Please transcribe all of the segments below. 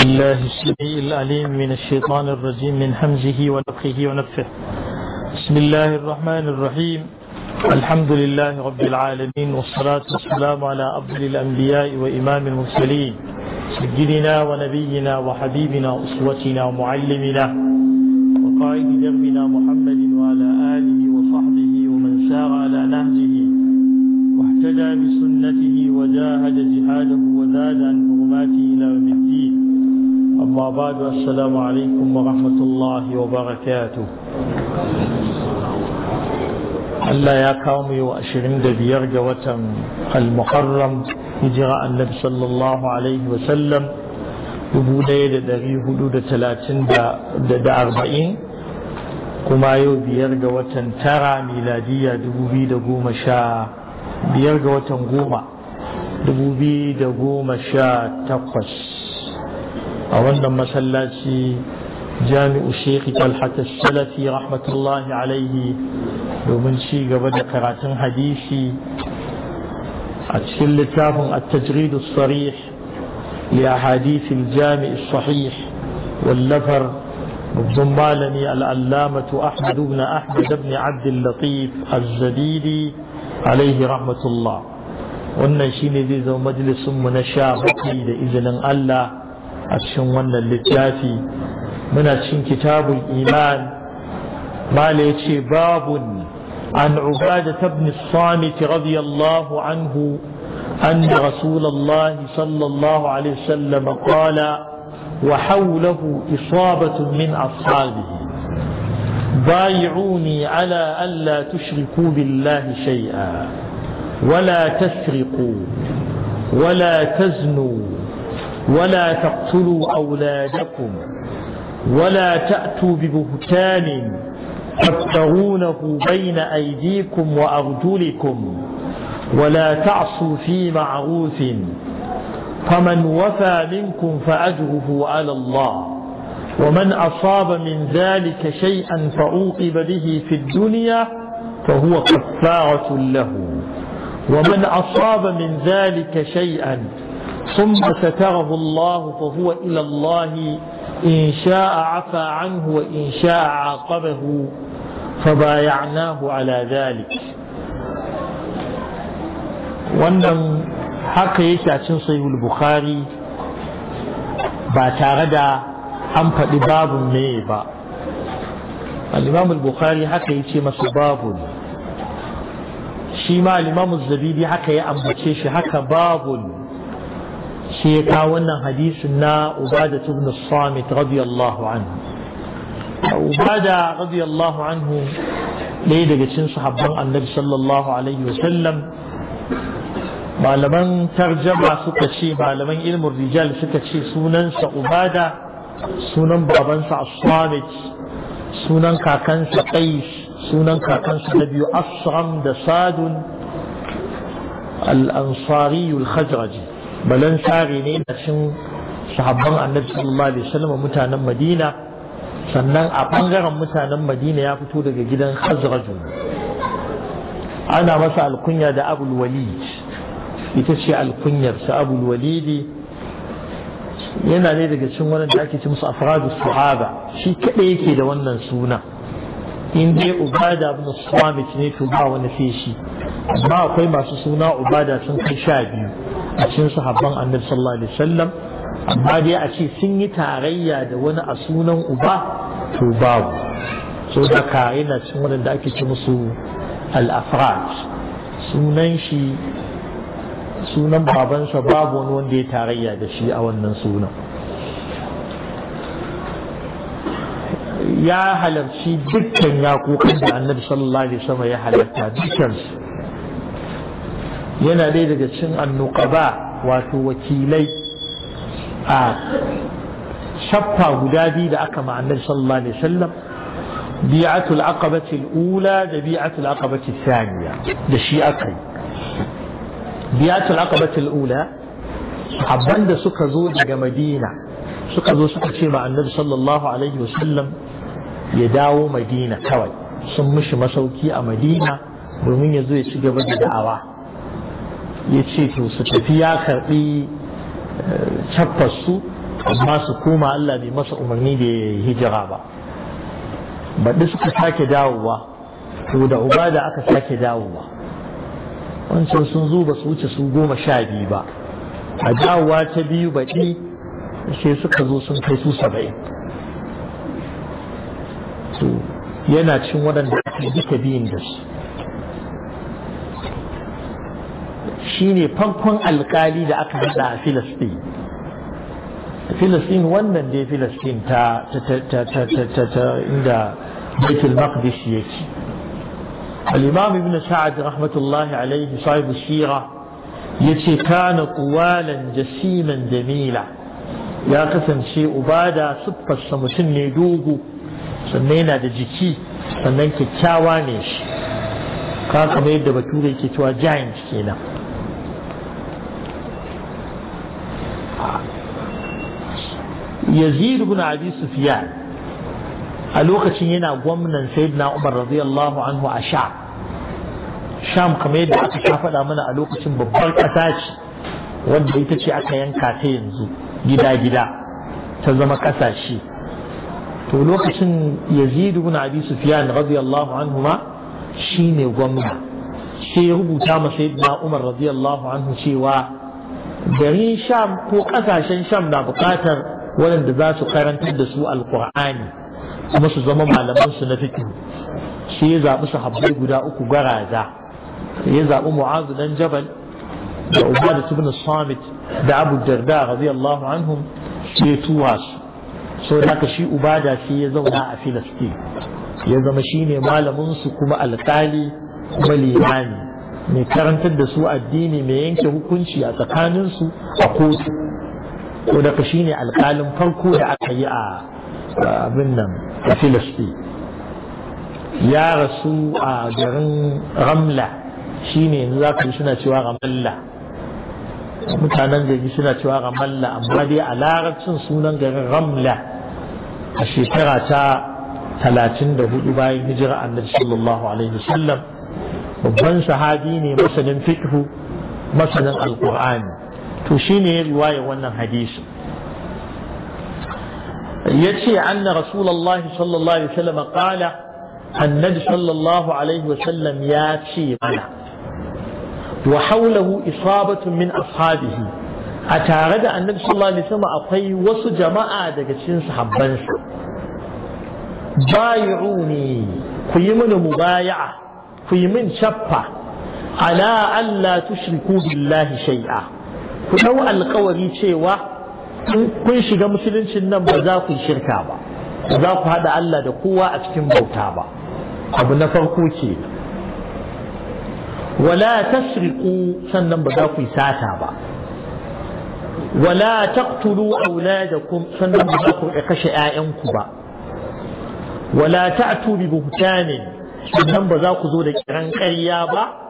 الله السميع العليم من الشيطان الرجيم من همزه ونفخه ونفه بسم الله الرحمن الرحيم الحمد لله رب العالمين والصلاة والسلام على أفضل الأنبياء وإمام المرسلين سجدنا ونبينا وحبيبنا أسوتنا ومعلمنا وقائد دربنا محمد بعد السلام عليكم ورحمة الله وبركاته Allah ya kawo mu yau ashirin da biyar ga watan al-muharram hijira annabi sallallahu alaihi wa dubu ɗaya da ɗari hudu da talatin da arba'in kuma yau biyar ga watan tara miladiya dubu biyu da goma sha biyar ga watan goma dubu biyu da goma sha takwas a wannan masallaci jami'u shekhi talhata salafi rahmatullahi alaihi domin ci gaba da karatun hadisi a cikin littafin at-tajrid sarih li ahadith al-jami' sahih wallafar babban malami al'allamatu ahmad ibn ahmad ibn abd al-latif az-zabidi alaihi rahmatullah wannan shine zai zama majalisin mu na sha bakwai da izinin Allah a cikin wannan littafi muna cikin kitabul iman mala ya babun عن عبادة بن الصامت رضي الله عنه أن رسول الله صلى الله عليه وسلم قال وحوله إصابة من أصحابه بايعوني على ألا تشركوا بالله شيئا ولا تسرقوا ولا تزنوا ولا تقتلوا أولادكم ولا تأتوا ببهتان تبتغونه بين أيديكم وأرجلكم ولا تعصوا في معروف فمن وفى منكم فأجره على الله ومن أصاب من ذلك شيئا فعوقب به في الدنيا فهو كفارة له ومن أصاب من ذلك شيئا ثم ستره الله فهو إلى الله إن شاء عفى عنه وإن شاء عاقبه فبايعناه على ذلك wannan haka yake a cin sayul bukhari ba tare da an faɗi babun me ba al-imam bukhari haka yace masa babun shi ma al-imam zabidi haka ya ambace shi haka babun Shi ya kawo wannan hadisin na ubada ibn samit radiyallahu anhu ubada radiyallahu anhu ɗaya daga cikin sahabban annabi sallallahu alaihi wasallam malaman tarjama suka ce malaman ilmin rijal suka ce sunansa ubada sunan babansa as-samit sunan kakansa qais sunan kakansa na biyu asram da sadun al-ansari al balan tsari ne da cin sahabban annabi sallallahu alaihi wasallam mutanen madina sannan a bangaren mutanen madina ya fito daga gidan hazraju ana masa alkunya da abul walid ita ce alkunyarsa abul walidi yana ne daga cikin wannan da ake ci musu afradu sahaba shi kaɗai yake da wannan suna in dai ubada ibn swamit ne to ba wani feshi amma akwai masu suna ubada sun kai sha biyu a cikin sahabban annabi sallallahu alaihi wasallam amma dai a ce sun yi tarayya da wani a sunan uba to babu so da ka yana cin wadanda ake ci musu al-afraj sunan shi sunan babansa babu wani wanda ya tarayya da shi a wannan sunan ya halarci dukkan yakokin da annabi sallallahu alaihi wasallam ya halarta dukkan su yana dai daga cin annuqaba wato wakilai a shaffa guda biyu da aka ma'anar sallallahu alaihi wasallam bi'atul aqabati al-ula da bi'atul aqabati thaniya da shi aka yi bi'atul aqabati al-ula sahabban da suka zo daga madina suka zo suka ce ma'anar sallallahu alaihi wasallam ya dawo madina kawai sun mishi masauki a madina domin ya zo ya ci gaba da da'awa ya ce to su tafi ya karɓi eh, su amma su koma Allah bai masa umarni da hijira ba baɗi suka sake dawowa to da uba da aka sake dawowa wancan sun zo ba su wuce su goma sha biyu ba a dawowa ta biyu baɗi sai suka zo sun kai su saba'in yana cin waɗanda aka duka biyun da su shi ne fankon alkali da aka haɗa a filistin filistin wannan dai filistin ta inda baitul maqdis yake al-imam ibn sa'ad rahmatullahi alayhi sahib sira yace kana qawalan jasiman jamila ya kasance ubada suffar sa mutum ne dogo sannan yana da jiki sannan kyakkyawa ne shi kaka mai da bature yake cewa giant kenan yazid ibn abi a lokacin yana gwamnan sayyidina umar radiyallahu a sha sham kamar yadda aka sha faɗa mana a lokacin babbar ƙasa ce wanda ita ce aka yanka ta yanzu gida-gida ta zama ƙasashe to lokacin yazid ibn abi sufyan radiyallahu anhu ma shine gwamna sai ya rubuta ma sayyidina umar radiyallahu anhu cewa garin sham ko ƙasashen sham na buƙatar waɗanda za su karantar da su alƙur'ani kuma su zama malaman su na fiƙi sai ya zaɓi sahabbai guda uku garaza ya zaɓi mu'azu dan jabal da ubada ibn samit da abu darda radiyallahu anhum sai ya tuwa su so da shi ubada sai ya zauna a filastin ya zama shine malamin su kuma alƙali kuma limani mai karantar da su addini mai yanke hukunci a tsakaninsu a kotu ko da shi ne alƙalin farko da aka yi a abin nan a ya rasu a garin ramla shi ne za ka yi suna cewa ramalla mutanen gari suna cewa ramalla amma dai a larabcin sunan garin ramla a shekara ta talatin da hudu bayan hijira annabi sallallahu alaihi wasallam babban sahabi ne masanin fiqhu masanin alqur'ani to shine riwaya wannan hadisi yace anna rasulullahi sallallahu alaihi wasallam qala annabi sallallahu alaihi wasallam ya ce mana wa hawlahu isabatu min ashabihi a tare da annabi sallallahu alaihi wasallam akwai wasu jama'a daga cikin sahabbansa bayuuni ku yi mini mubaya'a ku yi min chaffa ala alla tushriku billahi shay'a ku ɗau alkawari cewa kun shiga musuluncin nan ba za ku shirka ba ba za ku haɗa Allah da kowa a cikin bauta ba abu na farko ke wala tasriqu sannan ba za ku yi sata ba wala taqtulu auladakum sannan ba za ku kashe ƴaƴanku ba wala ta'tu bi buhtanin sannan ba za ku zo da kiran ƙarya ba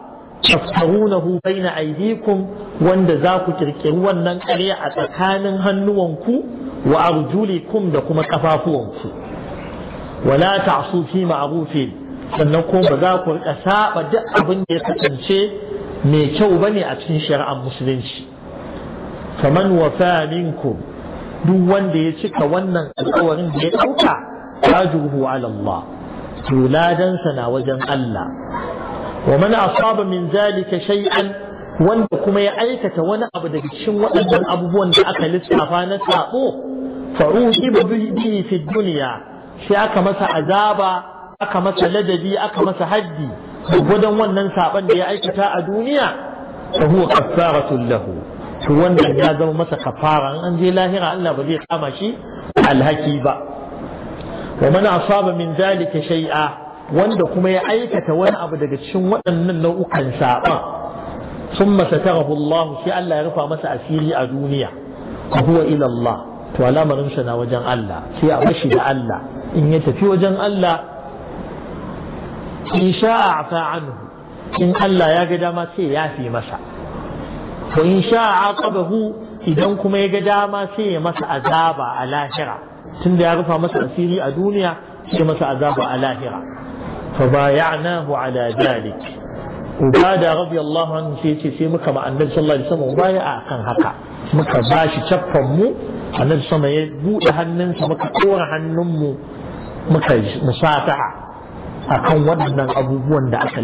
na taftarunahu baina aydikum wanda za ku ƙirƙiri wannan ƙarya a tsakanin hannuwanku wa arjulikum da kuma kafafuwanku wala ta'asufi fi sannan ko ba za ku rika saba duk abin da ya kasance mai kyau ba ne a cikin shari'ar musulunci faman wafa duk wanda ya cika wannan alƙawarin da ya dauka ajruhu ala Allah to ladansa na wajen Allah wa man asaba min zalika shay'an wanda kuma ya aikata wani abu da cikin waɗannan abubuwan da aka lissafa na saɓo, fa uhiba bihi fi dunya sai aka masa azaba aka masa ladabi aka masa haddi gudun wannan saban da ya aikata a duniya fa huwa kaffaratul lahu to wannan ya zama masa kafara an je lahira Allah ba zai kama shi alhaki ba wa man asaba min zalika shay'a wanda kuma ya aikata wani abu daga cikin waɗannan nau'ukan saɓan sun masa tarahu Allah sai Allah ya rufa masa asiri a duniya ka huwa ila Allah to alamarin na wajen Allah sai a bashi da Allah in ya tafi wajen Allah in sha'a afa anhu in Allah ya ga dama sai ya fi masa to in sha'a aqabahu idan kuma ya ga dama sai ya masa azaba a lahira tunda ya rufa masa asiri a duniya sai masa azaba a lahira فبايعناه على ذلك ubada radiyallahu anhu sai ce sai muka ba annabi sallallahu alaihi wasallam baya akan haka muka bashi caffan mu annabi sama ya bude hannunsa muka kora hannun mu muka musafaha akan waɗannan abubuwan da aka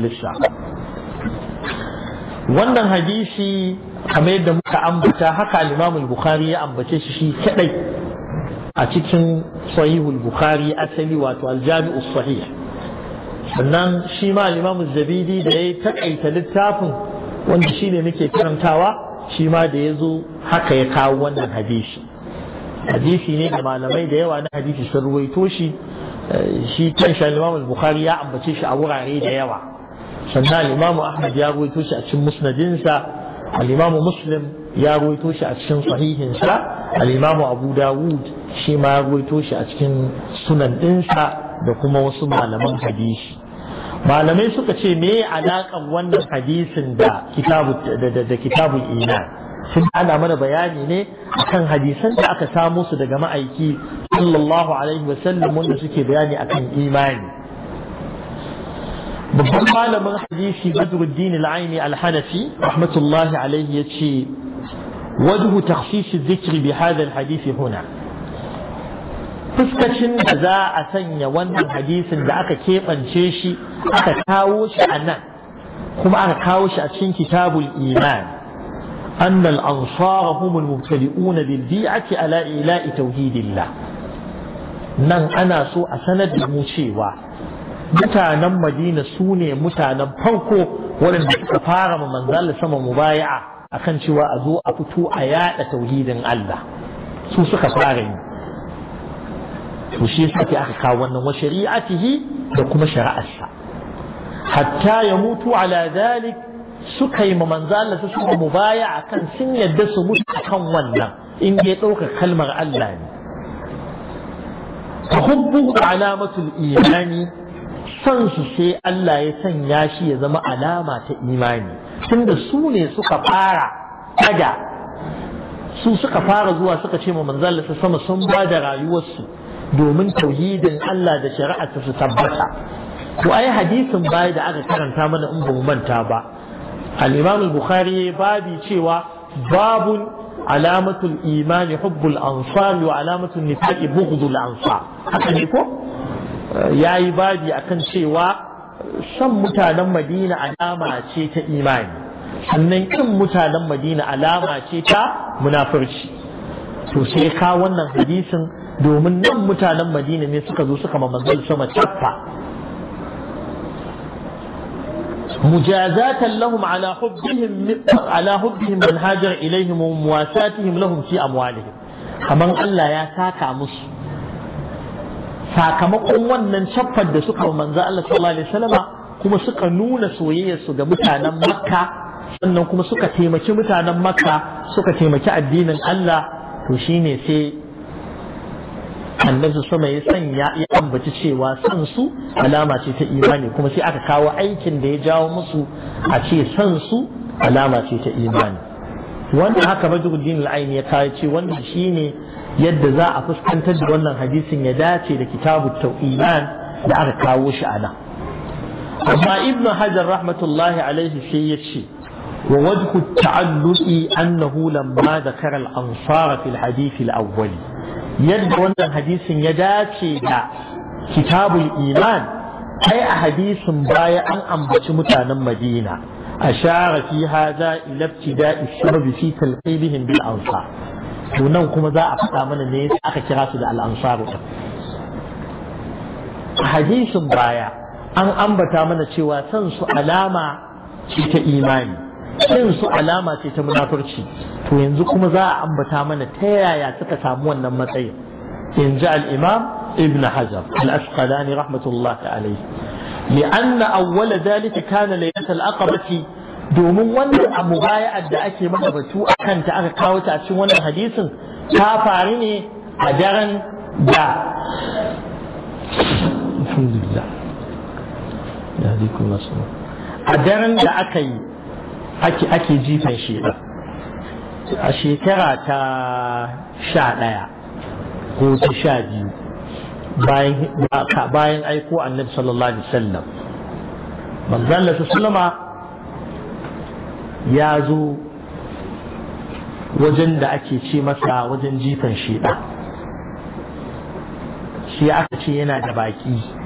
wannan hadisi kamar yadda muka ambata haka al-Imam al ya ambace shi shi kadai a cikin Sahihul Bukhari asali wato al-Jami'us Sahih sannan shi ma limamu zabidi da ya yi takaita littafin wanda shi ne muke karantawa shi ma da ya zo haka ya kawo wannan hadisi hadisi ne da malamai da yawa na hadisi sun ruwaito shi eh, shi can shan limamu bukhari ya ambace shi a wurare da yawa sannan limamu ahmad ya ruwaito shi a cikin musnadinsa al muslim ya ruwaito shi a cikin sahihinsa al abu dawud shi ma ya ruwaito shi a cikin sunan ɗinsa da kuma wasu malaman hadisi malamai suka ce me alaƙan wannan hadisin da kitabun ina sun ana mana bayani ne akan hadisan da aka samo su daga ma'aiki sallallahu alaihi sallam wanda suke bayani akan imani babban malamin hadisi badruddin al-aini al-hanafi rahmatullahi alaihi yace wajhu takhsis adh-dhikri bi hadha al-hadith huna fuskacin da za a sanya wannan hadisin da aka keɓance shi aka kawo shi a nan kuma aka kawo shi a cikin kitabul iman أن الأنصار هم المبتدئون بالبيعة على إيلاء توحيد الله نن أنا سوء سند المشيوة متانا مدينة سوني متانا فوقو ولن تفارم من ذل سما مبايعة أخن شواء ذو أفتو آيات توحيد الله سوء سكفارين to shi yasa ke aka kawo wannan wa shari'atihi da kuma shari'arsa hatta ya mutu ala zalik suka yi manzo Allah su mu baya akan sun yadda su mutu akan wannan in ya ɗauka kalmar Allah ne tahubbu alamatul imani san su sai Allah ya sanya shi ya zama alama ta imani tunda su ne suka fara daga su suka fara zuwa suka ce ma manzo Allah sama sun ba da rayuwarsu domin tauhidin Allah da shari'arsa su tabbata to ai hadisin bai da aka karanta mana in ba manta ba al-Imam al-Bukhari babi cewa babun alamatul imani hubbul ansar wa alamatul nifaqi bughdul ansar haka ne ko yayi babi akan cewa san mutanen Madina alama ce ta imani sannan kin mutanen Madina alama ce ta munafurci to sai ka wannan hadisin domin nan mutanen madina ne suka zo suka mamanzal sama cappa mujazatan lahum ala hubbihim ala hubbihim man hajar ilaihim wa muwasatihim lahum fi amwalihim kaman Allah ya saka musu sakamakon wannan caffar da suka manzo Allah sallallahu alaihi kuma suka nuna soyayyarsu ga mutanen Makka sannan kuma suka taimaki mutanen Makka suka taimaki addinin Allah to shine sai annabi su ya sanya ya ambaci cewa san su alama ce ta imani kuma sai aka kawo aikin da ya jawo musu a ce san su alama ce ta imani wanda haka majruddin al-aini ya kawo ce wannan shine yadda za a fuskantar da wannan hadisin ya dace da kitabu tauhidan da aka kawo shi a nan amma ibn hajar rahmatullahi alaihi sai ya ce wa wajhu ta'alluqi annahu lamma dhakara al-ansara fi al-hadith al-awwali yadda wannan hadisin ya dace da kitabul iman ai a hadisin baya an ambaci mutanen madina ashara fi hadha ila da shurb fi talqibihim bil ansar to nan kuma za a faɗa mana ne aka kira su da al ansar a hadisin baya an ambata mana cewa san su alama ce ta imani irin su alama ce ta munafurci to yanzu kuma za a ambata mana ta yaya suka samu wannan matsayin in al-imam ibn hajar al-asqalani rahmatullahi alayhi لأن أول ذلك كان ليلة العقبة domin wannan a mubaya'ar da ake mana batu a kanta aka kawo ta a cikin wannan hadisin ta faru ne a daren da a daren da aka yi ake ake jifan shi a shekara ta sha ɗaya ko ta sha biyu bayan aiko annabi sallallahu alaihi wasallam manzon Allah sallama ya zo wajen da ake ce masa wajen jifan shiɗa shi aka ce yana da baki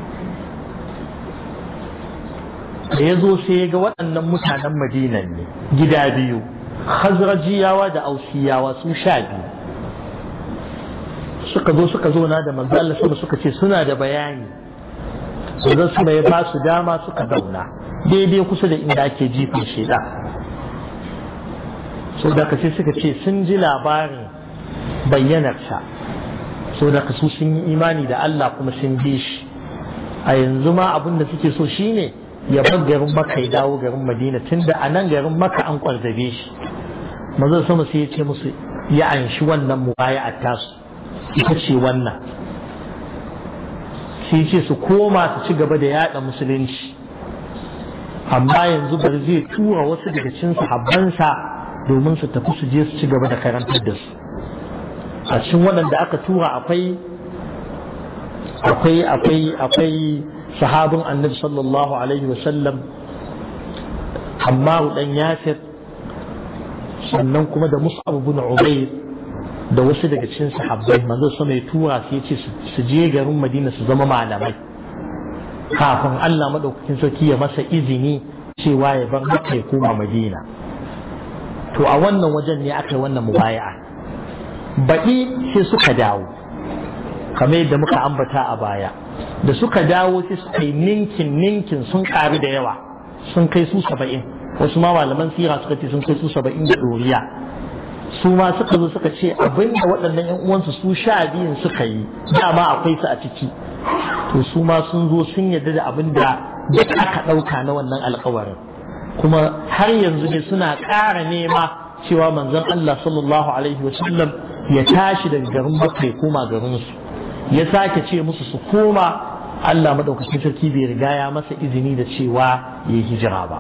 da ya zo sai ya ga waɗannan mutanen madinan ne gida biyu khazrajiyawa da ausiyawa su sha biyu suka zo suka zo na da manzo sama suka ce suna da bayani sannan su ya ba su dama suka zauna daidai kusa da inda ake jifin shida so da kace suka ce sun ji labarin bayyanarsa so da su sun yi imani da Allah kuma sun bi shi a yanzu ma abin da suke so shine ya bar garin maka ya dawo garin madina tunda a nan garin maka an kwarzabe shi manzo sama sai ya ce musu ya anshi wannan mu a tasu ita ce wannan sai ce su koma su ci gaba da yada musulunci amma yanzu bar zai tura wasu daga cikin sahabbansa domin su tafi su je su ci gaba da karantar da su a cikin waɗanda aka tura akwai akwai akwai akwai sahabin annabi sallallahu alaihi wasallam hammaru dan yasir sannan kuma da mus'ab ibn ubayd da wasu daga cikin sahabbai manzo sa mai tura sai ce su je garin madina su zama malamai kafin Allah madaukakin sarki ya masa izini cewa ya bar haka ya koma madina to a wannan wajen ne aka yi wannan mubaya'a baki sai suka dawo kamar yadda muka ambata a baya da suka dawo sai suka yi ninkin ninkin sun karu da yawa sun kai su saba'in wasu ma malaman sira suka ce sun kai su saba'in da ɗoriya su ma suka zo suka ce abin da waɗannan yan uwansu su sha biyun suka yi dama akwai su a ciki to su ma sun zo sun yarda da abin da duk aka ɗauka na wannan alƙawarin. kuma har yanzu ne suna ƙara nema cewa manzon Allah sallallahu alaihi wasallam ya tashi daga garin Makka ya koma garin su ya sake ce musu su koma Allah maɗaukacin sarki bai riga ya masa izini da cewa ya hijira ba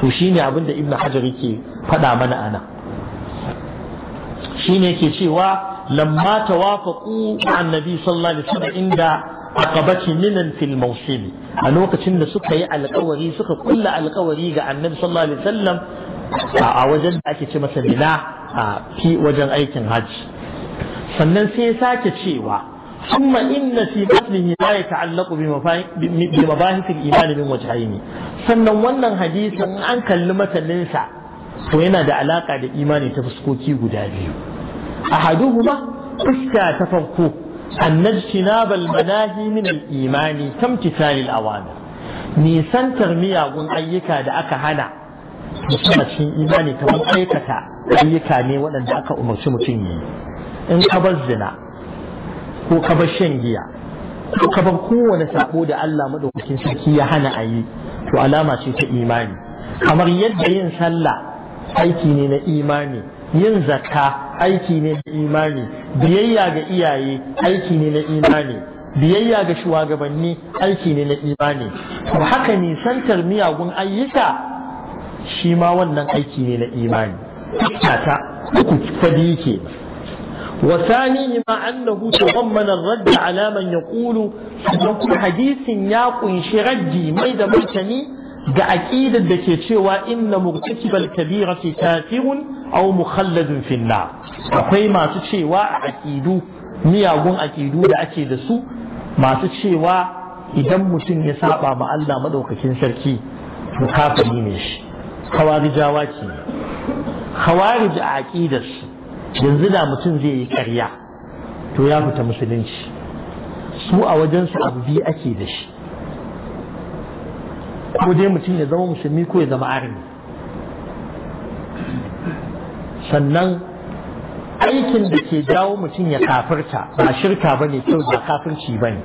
to shine abin da Ibn Hajar yake faɗa mana ana shine yake cewa lamma tawafaqu annabi sallallahu alaihi wasallam inda aqabati minan fil mawsim a lokacin da suka yi alkawari suka kulla alkawari ga annabi sallallahu alaihi wasallam a wajen da ake ce masa mina a fi wajen aikin hajji sannan sai ya sake cewa ثم إن في مثله ما يتعلق بمباحث الإيمان من وجهين sannan wannan hadisin an kalli matallinsa to yana da alaƙa da imani ta fuskoki guda biyu a haduhuma fuska ta farko annaj bal manahi min imani kam tisalil awami nisantar miyagun ayyuka da aka hana musamman cikin imani kamar aikata ayyuka ne waɗanda aka umarci mutum yi in ka bar zina ko kabar shan giya ko ka kowane sabo da Allah madaukakin sarki ya hana a yi to alama ce ta imani kamar yadda yin sallah aiki ne na imani yin zakka aiki ne na imani biyayya ga iyaye aiki ne na imani biyayya ga shugabanni aiki ne na imani to haka nisantar miyagun ayyuka shi ma wannan aiki ne na imani ta uku fadi yake. ke وثانيهما أنه تضمن الرد على من يقول سنكون حديث يقن شردي ما إذا مرتني دا أكيد الدكيتشي وإن مرتكب الكبيرة كافر أو مخلد في النار أخي ما تشي وأكيدو miyagun akidu da ake da su masu cewa idan mutum ya saba ma Allah madaukakin sarki to kafiri ne shi khawarijawa ce khawarij a aqidar su yanzu da mutum zai yi karya to ya fita musulunci su a wajensu abu biyu ake da shi ko dai mutum ya zama musulmi ko ya zama arni sannan aikin da ke jawo mutum ya kafarta ba shirka ba ne kyau ba kafirci ba ne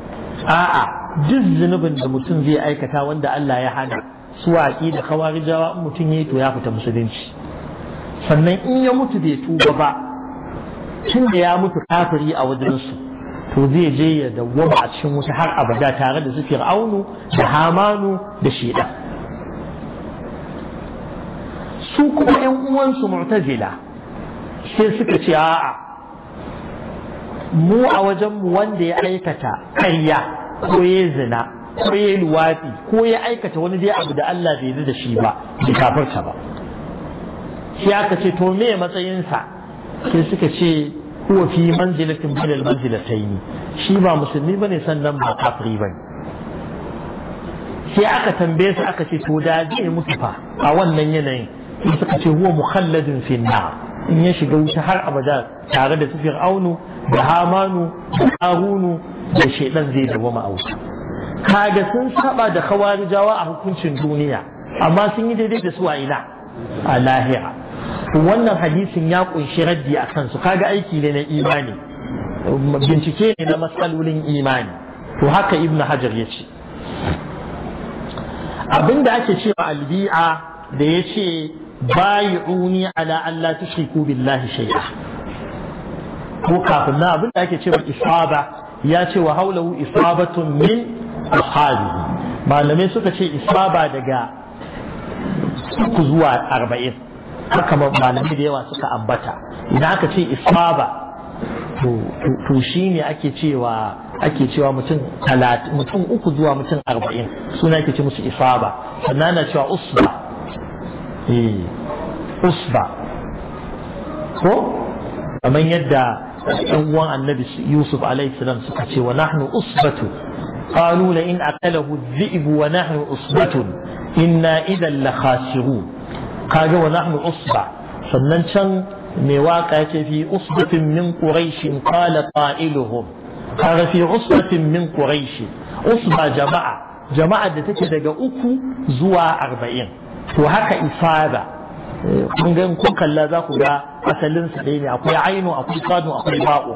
a'a duk zunubin da mutum zai aikata wanda Allah ya hana su waƙi da kawarijawa in mutum ya yi to ya fita musulunci sannan in ya mutu bai tuba ba tun da ya mutu kafiri a wajen su, to zai je ya dawwama a cikin wuta har abada tare da su fir'aunu da hamanu da shida su kuma yan uwansu mu'tazila sai suka ce a'a mu a wajen mu wanda ya aikata ƙarya ko ya zina ko ya luwafi ko ya aikata wani dai abu da Allah bai yi da shi ba bai kafirta ba shi aka ce to me matsayinsa sai suka ce huwa fi manzilatin min ne shi ba musulmi bane sannan ba kafiri bane sai aka tambaye su aka ce to da zai mutu fa a wannan yanayin sai suka ce huwa mukhalladun fi nar in ya shiga wuta har abada tare da su fir'aunu da hamanu da harunu da shaidan zai dawama a wuta kaga sun saba da kawarijawa a hukuncin duniya amma sun yi daidai da su a ina a lahira wannan hadisin ya kunshi raddi a kansu kaga aiki ne na imani bincike ne na matsalolin imani to haka ibnu hajar ya ce abinda ake cewa albi'a da ya ce bayi'uni ala Allah tushriku billahi shay'a ko kafin na abinda ake cewa isaba ya ce wa haulahu isabatun min ashabi malamai suka ce isaba daga uku zuwa arba'in haka malamai da yawa suka ambata idan aka ce isaba to shi ne ake cewa ake cewa mutum mutum uku zuwa mutum arba'in suna ake ce musu isaba sannan na cewa usba eh, usba ko kamar yadda yan uwan annabi yusuf alaihi salam suka ce wa nahnu usbatu in قالوا لئن أكله الذئب ونحن أصبة إنا إذا لخاسرون kaga wa nahnu usba sannan can mai waka yace fi usbatin min quraish qala qa'iluhum kaga fi usbatin min quraish usba jama'a jama'a da take daga uku zuwa arba'in to haka ifada kun ga kun kalla za ku ga asalin su ne akwai ainu akwai kanu akwai ba'u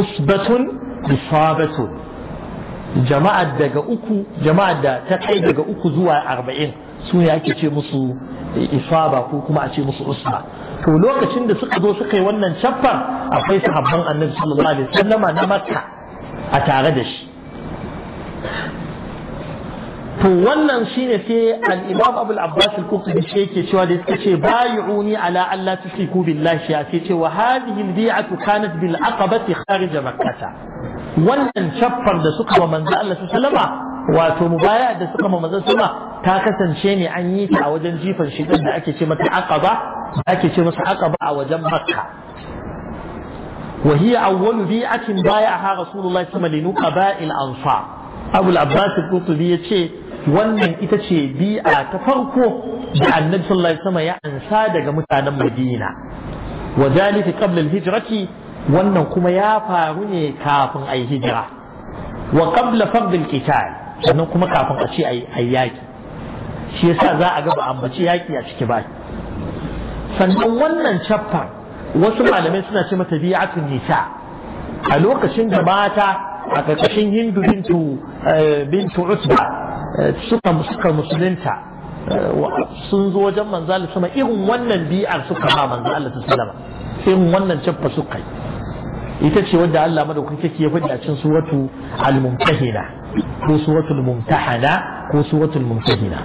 usbatun isabatun jama'a daga uku jama'a da ta kai daga uku zuwa arba'in su ne ake ce musu isaba ko kuma a ce musu usma to lokacin da suka zo suka yi wannan caffar akwai sahabban annabi sallallahu alaihi wasallama na makka a tare da shi to wannan shine sai al-imam abu al-abbas al-qurtubi shi yake cewa da suka ce bay'uni ala alla tusiku billahi ya ce wa hadhihi al-bi'atu kanat bil aqabati kharij makkah wannan caffar da suka wa manzo Allah sallallahu alaihi wato mubaya da suka ma manzon sama ta kasance ne an yi ta a wajen jifan shigar da ake ce mata aqaba ake ce masa aqaba a wajen makka وهي أول بيعة بايعها رسول الله صلى الله عليه وسلم لنقباء Abbas al العباس القرطبي wannan ita ce bi'a ta farko da annabi sallallahu alaihi wasallam ya ansa daga mutanen Madina wa zalika qabla al-hijrati wannan kuma ya faru ne kafin ai hijira wa qabla fard al-qital sannan kuma kafin a ce a yi yaƙi shi yasa za a ga ba ambaci yaƙi a ciki ba sannan wannan cappa wasu malamai suna ce mata bi'atun nisa a lokacin da mata a ƙarƙashin hindu bintu eh, bintu utba eh, suka suka musulunta eh, sun zo wajen manzo Allah irin wannan bi'ar suka ba manzo Allah sallama irin wannan cappa suka yi ita ce wadda Allah madaukaki ya faɗi a cikin suratu al-mumtahina ko suratul mumtahana ko suratul mumtahina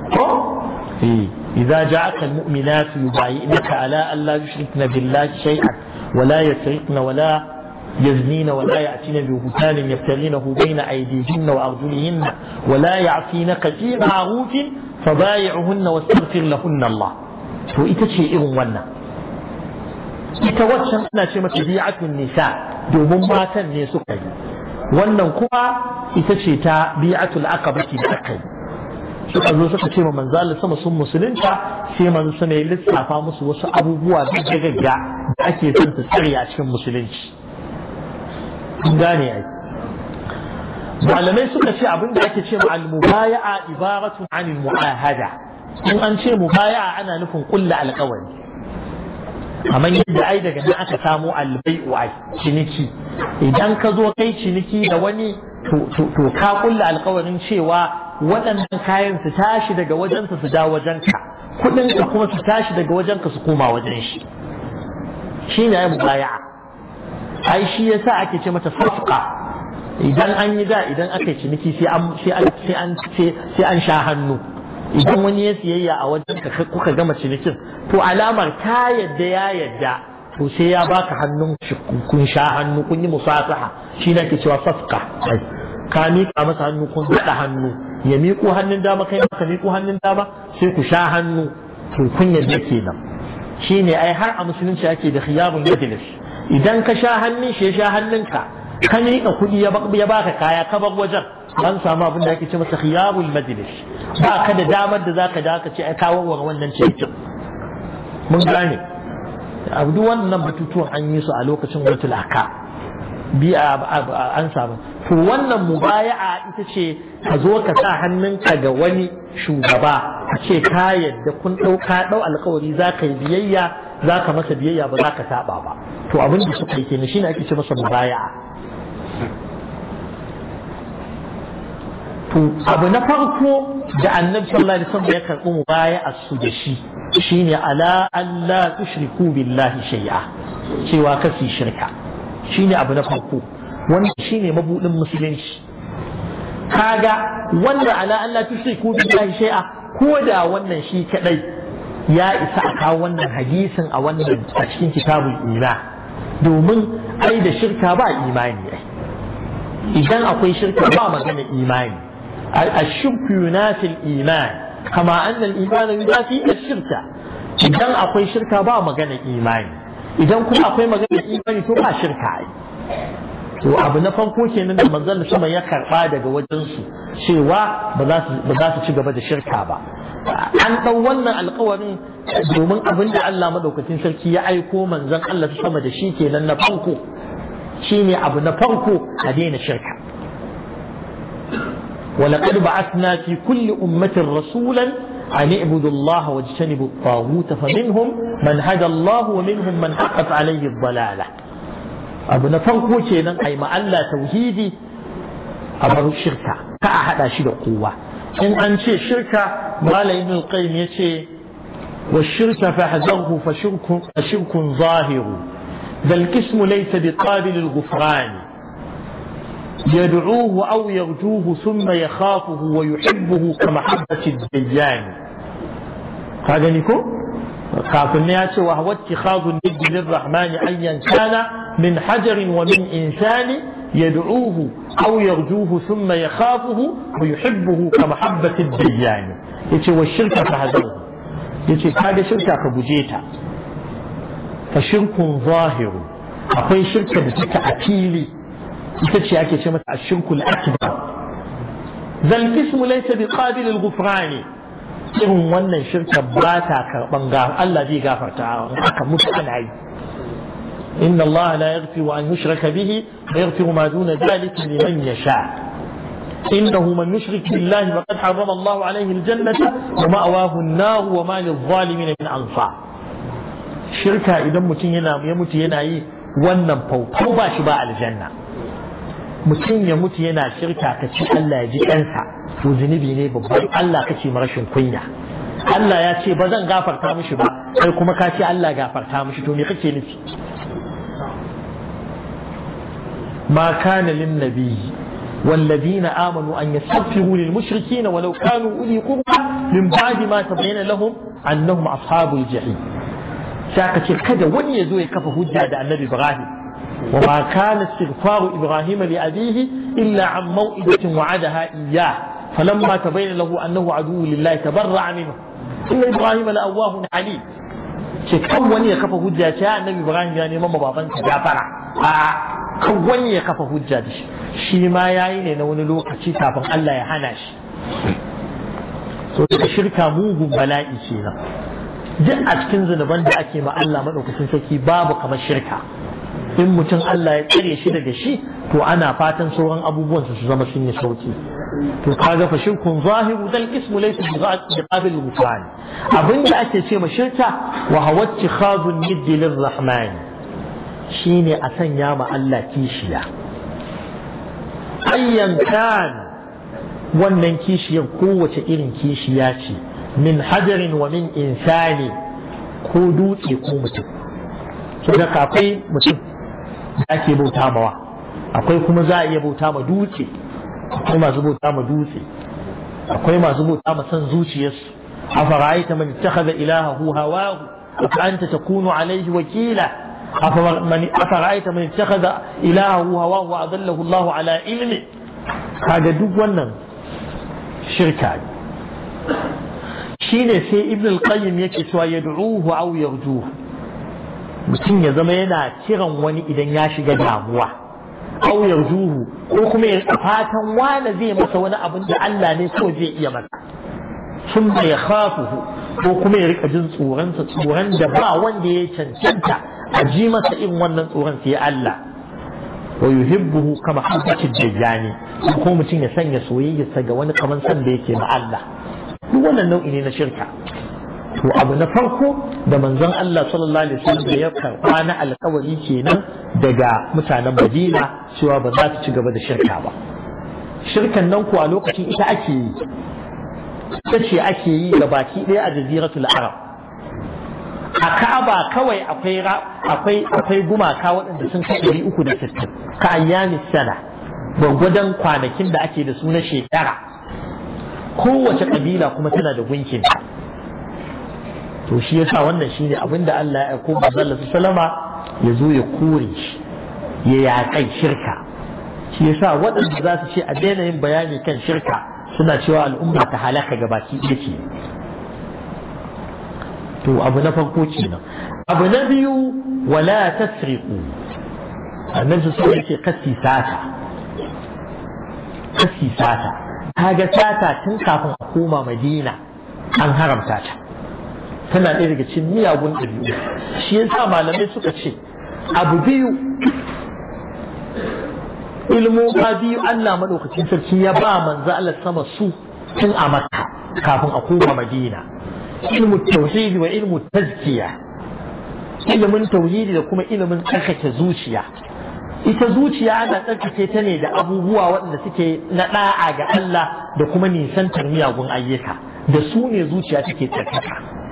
إذا جاءك المؤمنات يبايعنك على أن لا يشركن بالله شيئا ولا يسرقن ولا يزنين ولا يأتين ببهتان يبتغينه بين أيديهن وأرجلهن ولا يعصينك في معروف فبايعهن واستغفر لهن الله. وإتشي إغوانا. ita waccan ana ce mata bi'atun nisa domin matan ne suka yi wannan kuma ita ce ta bi'atul aqabati da aka yi suka zo suka ce ma manzo Allah sama sun musulunta sai manzo sama ya lissafa musu wasu abubuwa da gaggaga da ake son su tsare a cikin musulunci kun gane ai malamai suka ce abin da ake ce ma al-mubaya'a ibaratun anil mu'ahada in an ce mubaya'a ana nufin kullu alƙawari kamar yadda ai daga nan aka samu albai'u a ciniki idan ka zo kai ciniki da wani to ka kulla alkawarin cewa waɗannan kayan su tashi daga wajensa su da wajenka kuɗin ka kuma su tashi daga wajenka su koma wajen shi shi ne mubaya'a ai shi yasa ake ce mata safqa idan an yi da idan aka yi ciniki sai an sha hannu idan wani ya siyayya a wajen ka kuka gama cinikin to alamar ta yadda ya yadda to sai ya baka hannun kun sha hannu kun yi musasaha shi na ke cewa safka ka miƙa masa hannu kun haɗa hannu ya miƙo hannun dama kai maka miƙo hannun dama sai ku sha hannu to kun yadda kenan shine ai har a musulunci ake da khiyarul majlis idan ka sha hannun shi ya sha hannunka ka miƙa kuɗi ya baka kaya ka bar wajen an samu abin da ake ce masa khiyarul majlis ba ka da damar da zaka da ka ce ai kawo wannan cikin mun gane Abdu wannan batutuwan an yi su a lokacin watul aka bi an samu to wannan mubaya'a ita ce ka zo ka sa hannunka ga wani shugaba a ce ka yadda kun ɗauka ɗau alkawari za ka yi biyayya za ka masa biyayya ba za ka saba ba to abin da suka yi kenan ake ce masa mubaya'a to abu na farko da annabi sallallahu alaihi wasallam ya karbi mubaya'a su da shi shine ala alla tushriku billahi shay'a cewa kasi shirka shine abu na farko wanda shine mabudin musulunci kaga wanda ala alla tushriku billahi shay'a ko da wannan shi kadai ya isa a kawo wannan hadisin a wannan a cikin kitabul iman domin ai da shirka ba imani idan akwai shirka ba magana imani الشرك ينافي الإيمان كما أن الإيمان ينافي الشرك إذا أقوي شركة با مغنى إيمان إذا كنت أقوي مغنى إيمان تو با شركة to abu na farko kenan da manzon sama ya karba daga wajensu cewa ba za su ci gaba da shirka ba an ɗau wannan alkawarin domin abin da Allah maɗaukacin sarki ya aiko manzon Allah su sama da shi kenan na farko shine abu na farko a daina shirka ولقد بعثنا في كل أمة رسولا أن اعبدوا الله واجتنبوا الطاغوت فمنهم من هدى الله ومنهم من حقت عليه الضلالة أبو نفرقو كينا أي ما ألا توحيدي أبو الشركة كأحد أشد قوة إن أنت شركة قال ابن القيم يشي والشرك فاحذره فشرك, فشرك ظاهر ذا القسم ليس بقابل الغفران يدعوه أو يرجوه ثم يخافه ويحبه كمحبة الديان هذا نيكو كافن ياتي وهو اتخاذ الند للرحمن أيا كان من حجر ومن إنسان يدعوه أو يرجوه ثم يخافه ويحبه كمحبة الديان يتي والشركة فهزوه يتي هذا شركة كبجيتا فشرك ظاهر أقول شركة بتتأكيلي ita ce ake ce mata ashirkul akbar zal ismu laysa biqabil al ghufrani irin wannan shirka ba ta karban ga Allah zai gafarta aka mutu ana yi إن الله لا يغفر أن يشرك به ويغفر ما دون ذلك لمن يشاء إنه من يشرك بالله فقد حرم الله عليه الجنة ومأواه النار وما للظالمين من أنصار شركة إذا متين يموت ينعي wannan faufau ba shi ba aljanna mutum ya mutu yana shirka ka ci Allah ya ji ɗansa to zunubi ne babban Allah kake ma rashin kunya Allah ya ce ba zan gafarta mishi ba kai kuma ka ce Allah gafarta mishi to me kake nufi ma kana lin nabiyyi والذين آمنوا أن يستغفروا للمشركين ولو كانوا أولي قربى من بعد ما تبين لهم أنهم أصحاب الجحيم ساقة الكذا وني يزوي كفى هجة النبي إبراهيم وما كان استغفار إبراهيم لأبيه إلا عن موئدة وعدها إياه فلما تبين له أنه عدو لله تبرع منه إن إبراهيم لأواه عليم ce kan wani ya kafa hujja ce annabi Ibrahim ya neman babansa gafara a kan wani ya kafa hujja da shi shi ma yayi ne na wani lokaci kafin Allah ya hana shi so da shirka mugun bala'i kenan duk a cikin zunuban da ake ma Allah maɗaukacin sarki babu kamar shirka in mutum Allah ya tsare shi daga shi to ana fatan sauran abubuwan su zama sun yi sauki to kaga fa shirkun zahiru dal ismu laysa bi qabil mutani abinda ake ce ma shirka wa hawatti khadun yiddi lirrahman shine a sanya ma Allah kishiya ayyan kan wannan kishiyar kowace irin kishiya ce min hajarin wa min insani ko dutse ko mutum saboda kafai mutum ake bauta mawa akwai kuma za a iya bauta ma dutse akwai masu bauta ma dutse akwai masu bauta ma san zuciyarsu afara'aita man ilaha ilahahu hawahu fa ta takunu alaihi wakila afara'aita man ittakhadha ilahahu hawahu wa adallahu Allah ala ilmi kaga duk wannan shirka shine sai ibn al-qayyim yake cewa yad'uhu aw yarjuhu mutum ya zama yana kiran wani idan ya shiga damuwa au zuhu ko kuma ya fatan wani zai masa wani abin da Allah ne so zai iya masa sun ya khafuhu ko kuma ya rika jin tsoronsa tsoron da ba wanda ya cancanta a ji masa irin wannan tsoron sai Allah wa yuhibbuhu kama hubbati dajjani ko mutum ya sanya soyayyarsa ga wani kaman san da yake ma Allah duk wannan nau'i ne na shirka to abu na farko da manzon Allah sallallahu alaihi wasallam ya karba na alƙawari kenan daga mutanen Madina cewa ba za su ci gaba da shirka ba shirkan nan ko a lokacin ita ake yi ita ake yi ga baki ɗaya a jaziratul arab a Ka'aba kawai akwai akwai akwai gumaka waɗanda sun kai ɗari uku da sittin ka ayyami sana gwargwadon kwanakin da ake da su na shekara kowace ƙabila kuma tana da gunkinta to shi yasa wannan shine abinda Allah ya aiko manzon sallama ya zo ya kore shi ya yaƙai shirka shi yasa waɗanda za su ce a daina yin bayani kan shirka suna cewa al'umma ta halaka ga baki ɗaya ce to abu na farko kenan abu na biyu wala tasriqu su sai yake kasi sata kasi sata kaga sata tun kafin a koma madina an haramta ta tana ɗaya daga cikin miyagun ɗabi'u shi yasa malamai suka ce abu biyu ilmu ba biyu Allah maɗaukacin sarki ya ba manza Allah sama su tun a Makka kafin a koma Madina ilmu tauhidi wa ilmu tazkiya ilimin tauhidi da kuma ilimin tsarkake zuciya ita zuciya ana tsarkake ta ne da abubuwa waɗanda suke na ɗa'a ga Allah da kuma nisan miyagun ayyuka da su ne zuciya take tsarkaka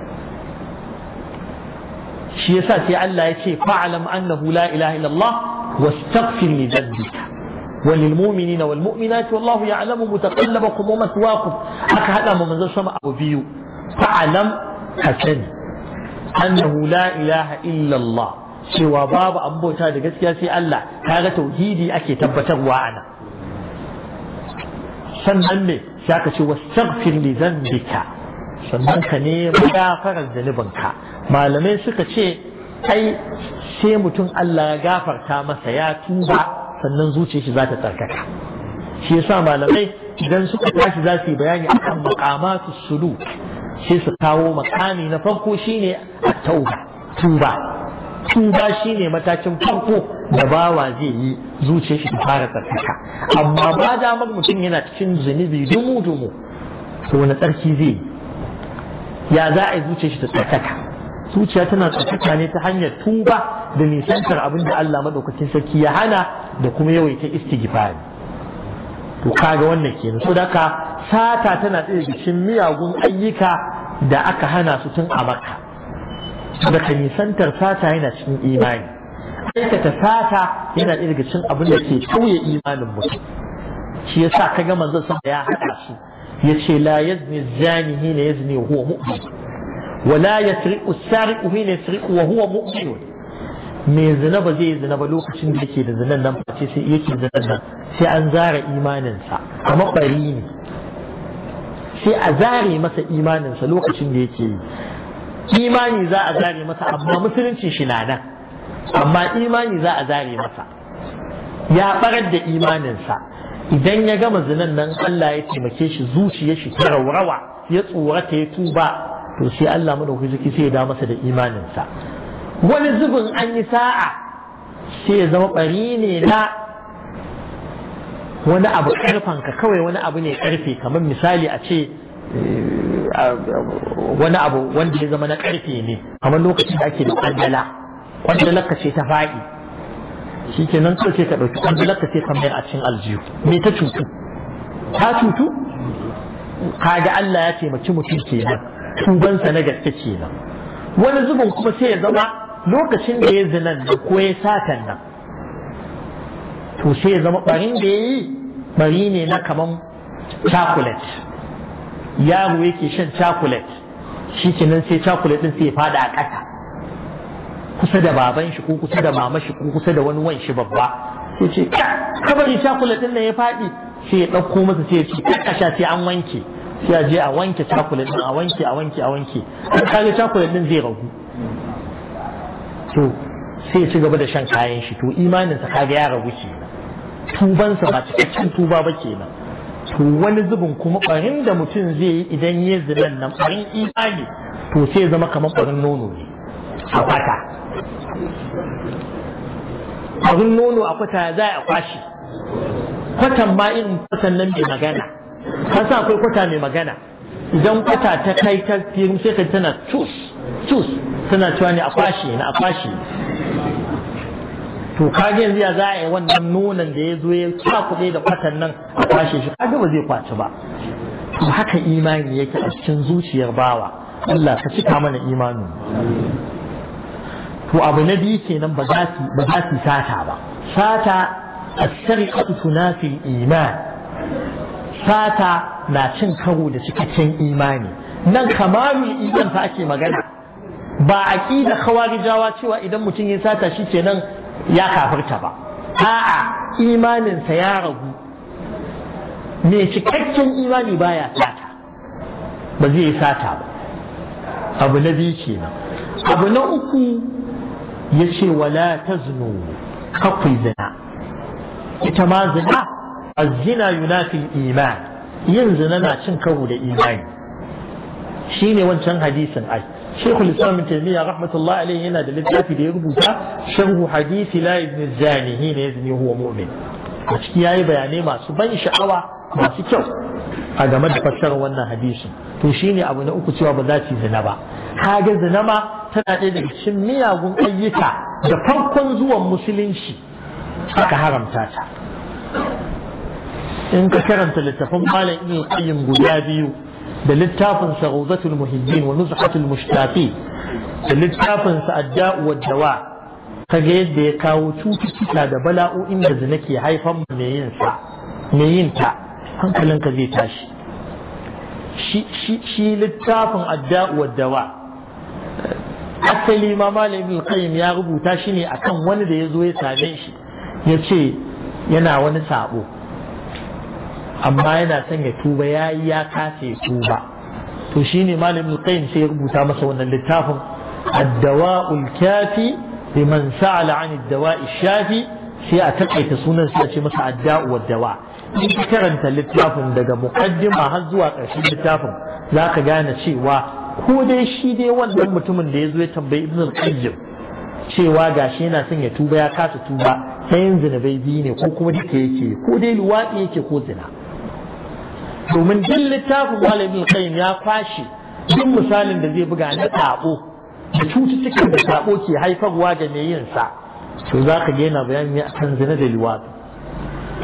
shi yasa sai Allah ya ce fa'alam annahu la ilaha illallah wastaghfir li dhanbika وللمؤمنين والمؤمنات والله يعلم متقلبكم ومثواكم haka hada mu manzon sama abu biyu fa'alam hasani annahu la ilaha illallah cewa babu an bauta da gaskiya sai Allah kaga tauhidi ake tabbatarwa ana sannan ne sai kace ce wastaghfir li dhanbika sannan ka ne gafarar ka. malamai suka ce ai sai mutum Allah ya gafarta masa ya tuba sannan zuciyar shi za ta tsarkaka shi yasa malamai idan suka tashi za su yi bayani akan makamatu sulu sai su kawo makami na farko shine at-tauba tuba tuba shine matakin farko da bawa zai yi zuciyar shi ta fara tsarkaka amma ba damar mutum yana cikin zunubi dumu dumu to wani tsarki zai yi ya za a yi zuciya shi ta tsarkaka zuciya tana tsarkaka ne ta hanyar tuba da nisantar abin da Allah madaukakin sarki ya hana da kuma yawaita istighfari to kaga wannan kenan so daka sata tana ɗaya cikin miyagun ayyuka da aka hana su tun a makka da nisantar sata yana cikin imani aikata sata yana ɗaya cikin abin da ke sauya imanin mutum shi yasa kaga manzon sa ya hada su. يشي لا يزني الزاني هنا يزني وهو مؤمن ولا يسرق السارق هنا يسرق وهو مؤمن من زنب زي زنب لوك شندكي لزنن نم يشي زنن نم سي أنزار إيمان انسا أما قريم سي أزاري مسا إيمان انسا لوك شندكي إيماني زا أزاري مسا أما مسلم شنانا أما إيماني زا أزاري مسا يا فرد إيمان انسا idan ya gama zinan nan Allah ya taimake shi zuciya shi ta raurawa ya tsorata ya tuba to sai Allah zuki sai ya da masa da imaninsa wani zubin an yi sa'a sai ya zama bari ne na wani abu karfanka kawai wani abu ne karfe kamar misali a ce eh, wani abu wanda ya zama na karfe ne kamar lokacin da ake da kwandala kwandalar ka ce ta faɗi shi ke nan sai ka ɗauki kwandalar ka sai ka mayar a cikin aljihu me ta cutu ta cutu kaga Allah ya taimaki mutum ke nan tubansa na gaske ke nan, wani zubin kuma sai ya zama lokacin da ya zinan da ko ya satan nan to sai ya zama barin da ya yi bari ne na kaman chocolate yaro yake shan chocolate shi ke nan sai chocolate din sai ya fada a ƙasa kusa da baban shi ko kusa da mama shi ko kusa da wani wan babba sai ce kabari chocolate din nan ya fadi sai ya dauko masa sai ya ce sha sai an wanke sai a je a wanke chocolate a wanke a wanke a wanke an ka chocolate din zai ragu to sai ya ci gaba da shan kayan shi to imanin sa kaga ya ragu tuban tubansa ba cikakken tuba ba kenan to wani zubin kuma barin da mutum zai yi idan ya zina nan ɓarin imani to sai zama kamar barin nono ne a fata abin nono a kwata za a kwashi kwatan ma irin kwatan nan mai magana kan sa akwai kwata mai magana idan kwata ta kai ta firin sai tana tus cus tana cewa ne a kwashe na a kwashe to kage yanzu za a yi wannan nonon da ya zo ya kuɗi da kwatan nan a kwashe shi kage ba zai kwaci ba to haka imani yake a cikin zuciyar bawa Allah ka cika mana imanin to abu na biyu kenan ba za su ba za su sata ba sata as-sariqatu tunafi iman sata na cin karo da cikakken imani nan kamalul idan ta ake magana ba aqida khawarijawa cewa idan mutum ya sata shi kenan ya kafirta ba a'a imaninsa ya ragu mai cikakken imani baya sata ba zai sata ba abu na biyu kenan abu na uku ya ce wala ta zinu kakwai zina ita ma zina a zina yunafin iman yin zina na cin karo da imani shi ne wancan hadisin ai shekul islam bin taimiyya rahmatullah alaihi yana da littafi da ya rubuta sharhu hadisi la ibn zani hi ne zini huwa mu'min a ciki yayi bayanai masu ban sha'awa masu kyau a game da fassarar wannan hadisin to shine abu na uku cewa ba za su zina ba kaga zina ma tana ɗaya daga cikin miyagun ayyuka da farkon zuwan musulunci aka haramta ta in ka karanta littafin malam ibn qayyim guda biyu da littafin sa rawzatul muhibbin wa nuzhatul mushtafi da littafin sa adda'u wa dawa kaga yadda ya kawo cututtuka da bala'o'in da zina ke haifan mai yin sa yin ta hankalinka zai tashi shi littafin adda'u wa dawa asali ma malam ibn qayyim ya rubuta shi ne akan wani da ya zo ya same shi ya ce yana wani sabo amma yana son ya tuba ya yi ya kasa tuba to ne malam ibn qayyim sai ya rubuta masa wannan littafin ad-dawa'ul kafi liman sa'ala 'an ad-dawa'i shafi sai a takaita sunan sai ya ce masa ad-da'u wad-dawa in karanta littafin daga muqaddima har zuwa ƙarshen littafin zaka gane cewa ko dai shi dai wannan mutumin da ya zo ya tambayi ibn al-qayyim cewa gashi yana son ya tuba ya kasa tuba sai yin zinabai biyu ne ko kuma duka yake ko dai luwaɗi yake ko zina domin duk littafin malam ibn qayyim ya kwashe duk misalin da zai buga na sabo da cututtukan da sabo ke haifarwa ga mai yin sa to za ka ga yana bayani akan zina da luwaɗi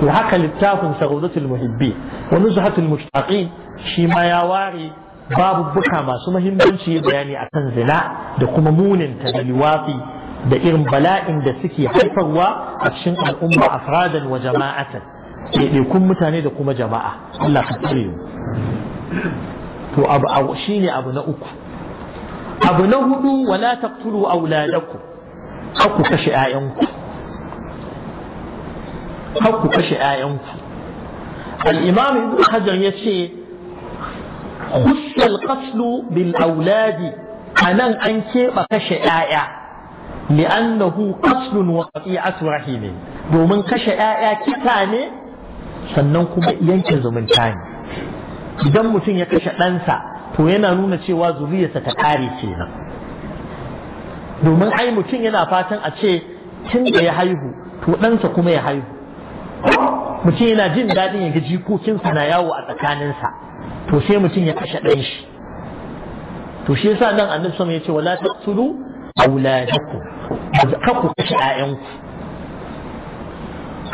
to haka littafin sahudatul muhibbi wa nuzhatul mushtaqin shi ma ya ware buka masu mahimmanci bayani akan zina da kuma munin ta da da irin bala'in da suke haifarwa a cikin al'umma afradan wa jama'atan ɗaiɗaikun mutane da kuma jama'a Allah ka tsare to abu shine abu na uku abu na hudu wala taqtulu auladakum ku kashe 'ya'yanku ku kashe 'ya'yanku al-imam ibn hajar yace khussal qatlu bil auladi anan an keɓa kashe 'ya'ya li'annahu qatlun wa qati'atu rahimin domin kashe 'ya'ya kisa ne sannan kuma yanke zumunta ne idan mutum ya kashe ɗansa to yana nuna cewa zuriyarsa ta ƙare kenan domin ai mutum yana fatan a ce tun da ya haihu to ɗansa kuma ya haihu mutum yana jin daɗin ya ga jikokinsa na yawo a tsakaninsa to sai mutum ya kashe ɗan shi to shi yasa nan annabi sama ya ce wala taqtulu auladakum ka ku kashe ƴaƴanku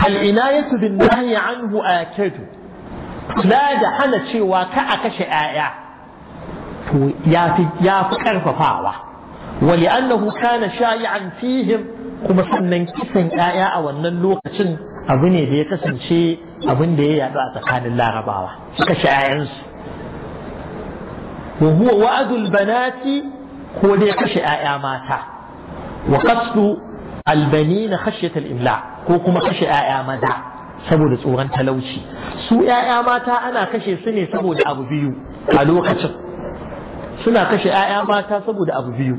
al inayatu bin nahyi anhu akadu kula da hana cewa ka a kashe ƴaƴa to ya fi ya fi karfafawa wali annahu kana shayi'an fihim kuma sannan kisan ƴaƴa a wannan lokacin abu ne da ya kasance abin da ya yaɗu a tsakanin larabawa suka kashe 'ya'yansu wa huwa wa'adul ko dai kashe 'ya'ya mata wa qasdu albanina khashyat al-imla ko kuma kashe 'ya'ya maza saboda tsoron talauci su 'ya'ya mata ana kashe su ne saboda abu biyu a lokacin suna kashe 'ya'ya mata saboda abu biyu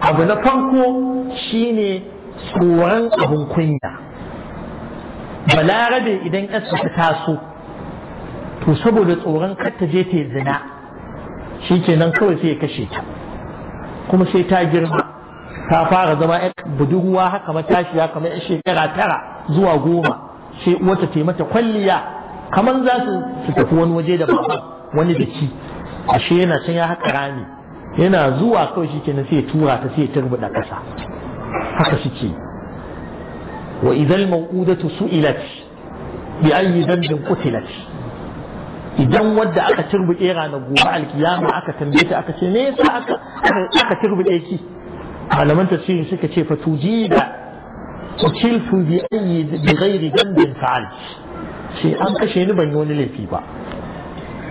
abu na farko shine tsoron abun kunya balarabe idan yarsa ta taso to saboda tsoron kar ta je ta zina shi nan kawai sai ya kashe ta kuma sai ta girma ta fara zama ya budurwa haka matashiya kamar ya shekara tara zuwa goma sai uwata ta mata kwalliya kamar za su tafi wani waje da baban wani da ci ashe yana can ya haka rami yana zuwa kawai shi kenan sai ya tura ta sai ya turbuɗa ƙasa haka shi ke wa idan su su'ilat bi ayyi dambin qutilat idan wadda aka turbuɗe ranar gobe alkiyama aka tambaye ta aka ce me yasa aka aka turbuɗe ki malaman tafsiri suka ce fatuji da uciltu bi ayyi bi ghairi gandun fa'al ce an kashe ni ban yi wani laifi ba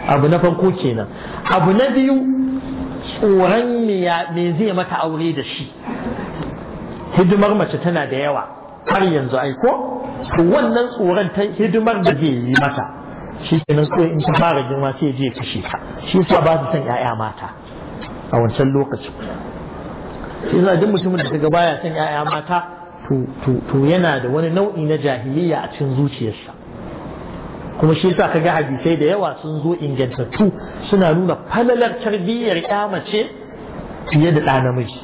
abu na farko kenan abu na biyu tsoron me zai mata aure da shi hidimar mace tana da yawa har yanzu aiko to wannan tsoron ta hidimar da zai yi mata shi ke nan in ta fara girma sai je kashe ta shi ba su son 'ya'ya mata a wancan lokacin shi yasa duk mutumin da kaga baya son 'ya'ya mata to yana da wani nau'i na jahiliya a cikin zuciyarsa kuma shi yasa kaga hadisai da yawa sun zo ingantattu suna nuna falalar tarbiyyar 'ya mace fiye da ɗa namiji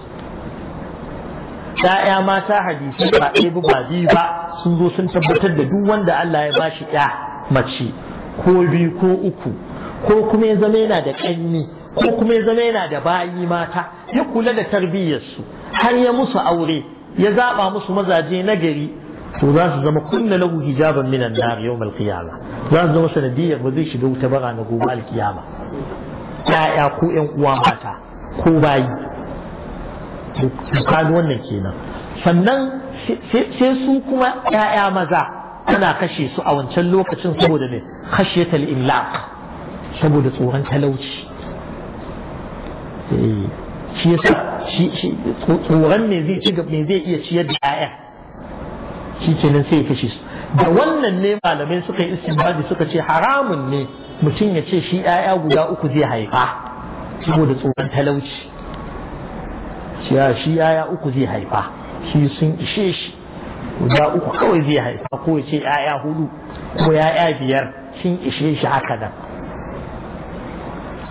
‘ya'ya mata hadisi ba ɗaya ba biyu ba sun zo sun tabbatar da duk wanda Allah ya bashi ‘ya mace ko biyu ko uku ko kuma ya zama yana da ƙanni ko kuma ya zama yana da bayi mata ya kula da tarbiyyarsu har ya musu aure ya zaɓa musu mazaje na gari to za su zama kunna lahu hijaban minan nar yawm alqiyama za su zama sanadiyyar ba zai shiga wuta bara na gobe alkiyama ya'ya ko ƴan uwa mata ko bayi to kaga wannan kenan sannan sai su kuma ya'ya maza ana kashe su a wancan lokacin saboda ne kashe ta imlaq saboda tsoron talauci eh, shi yasa tsoron ne zai ci gaba zai iya ciyar da ƴaƴa shi kenan sai ya kashe su da wannan ne malamai suka yi istinbadi suka ce haramun ne mutum ya ce shi ƴaƴa guda uku zai haifa saboda tsoron talauci shi ƴaƴa uku zai haifa shi sun ishe shi guda uku kawai zai haifa ko ya ce ‘ya'ya hudu ko ‘ya'ya biyar sun ishe shi haka nan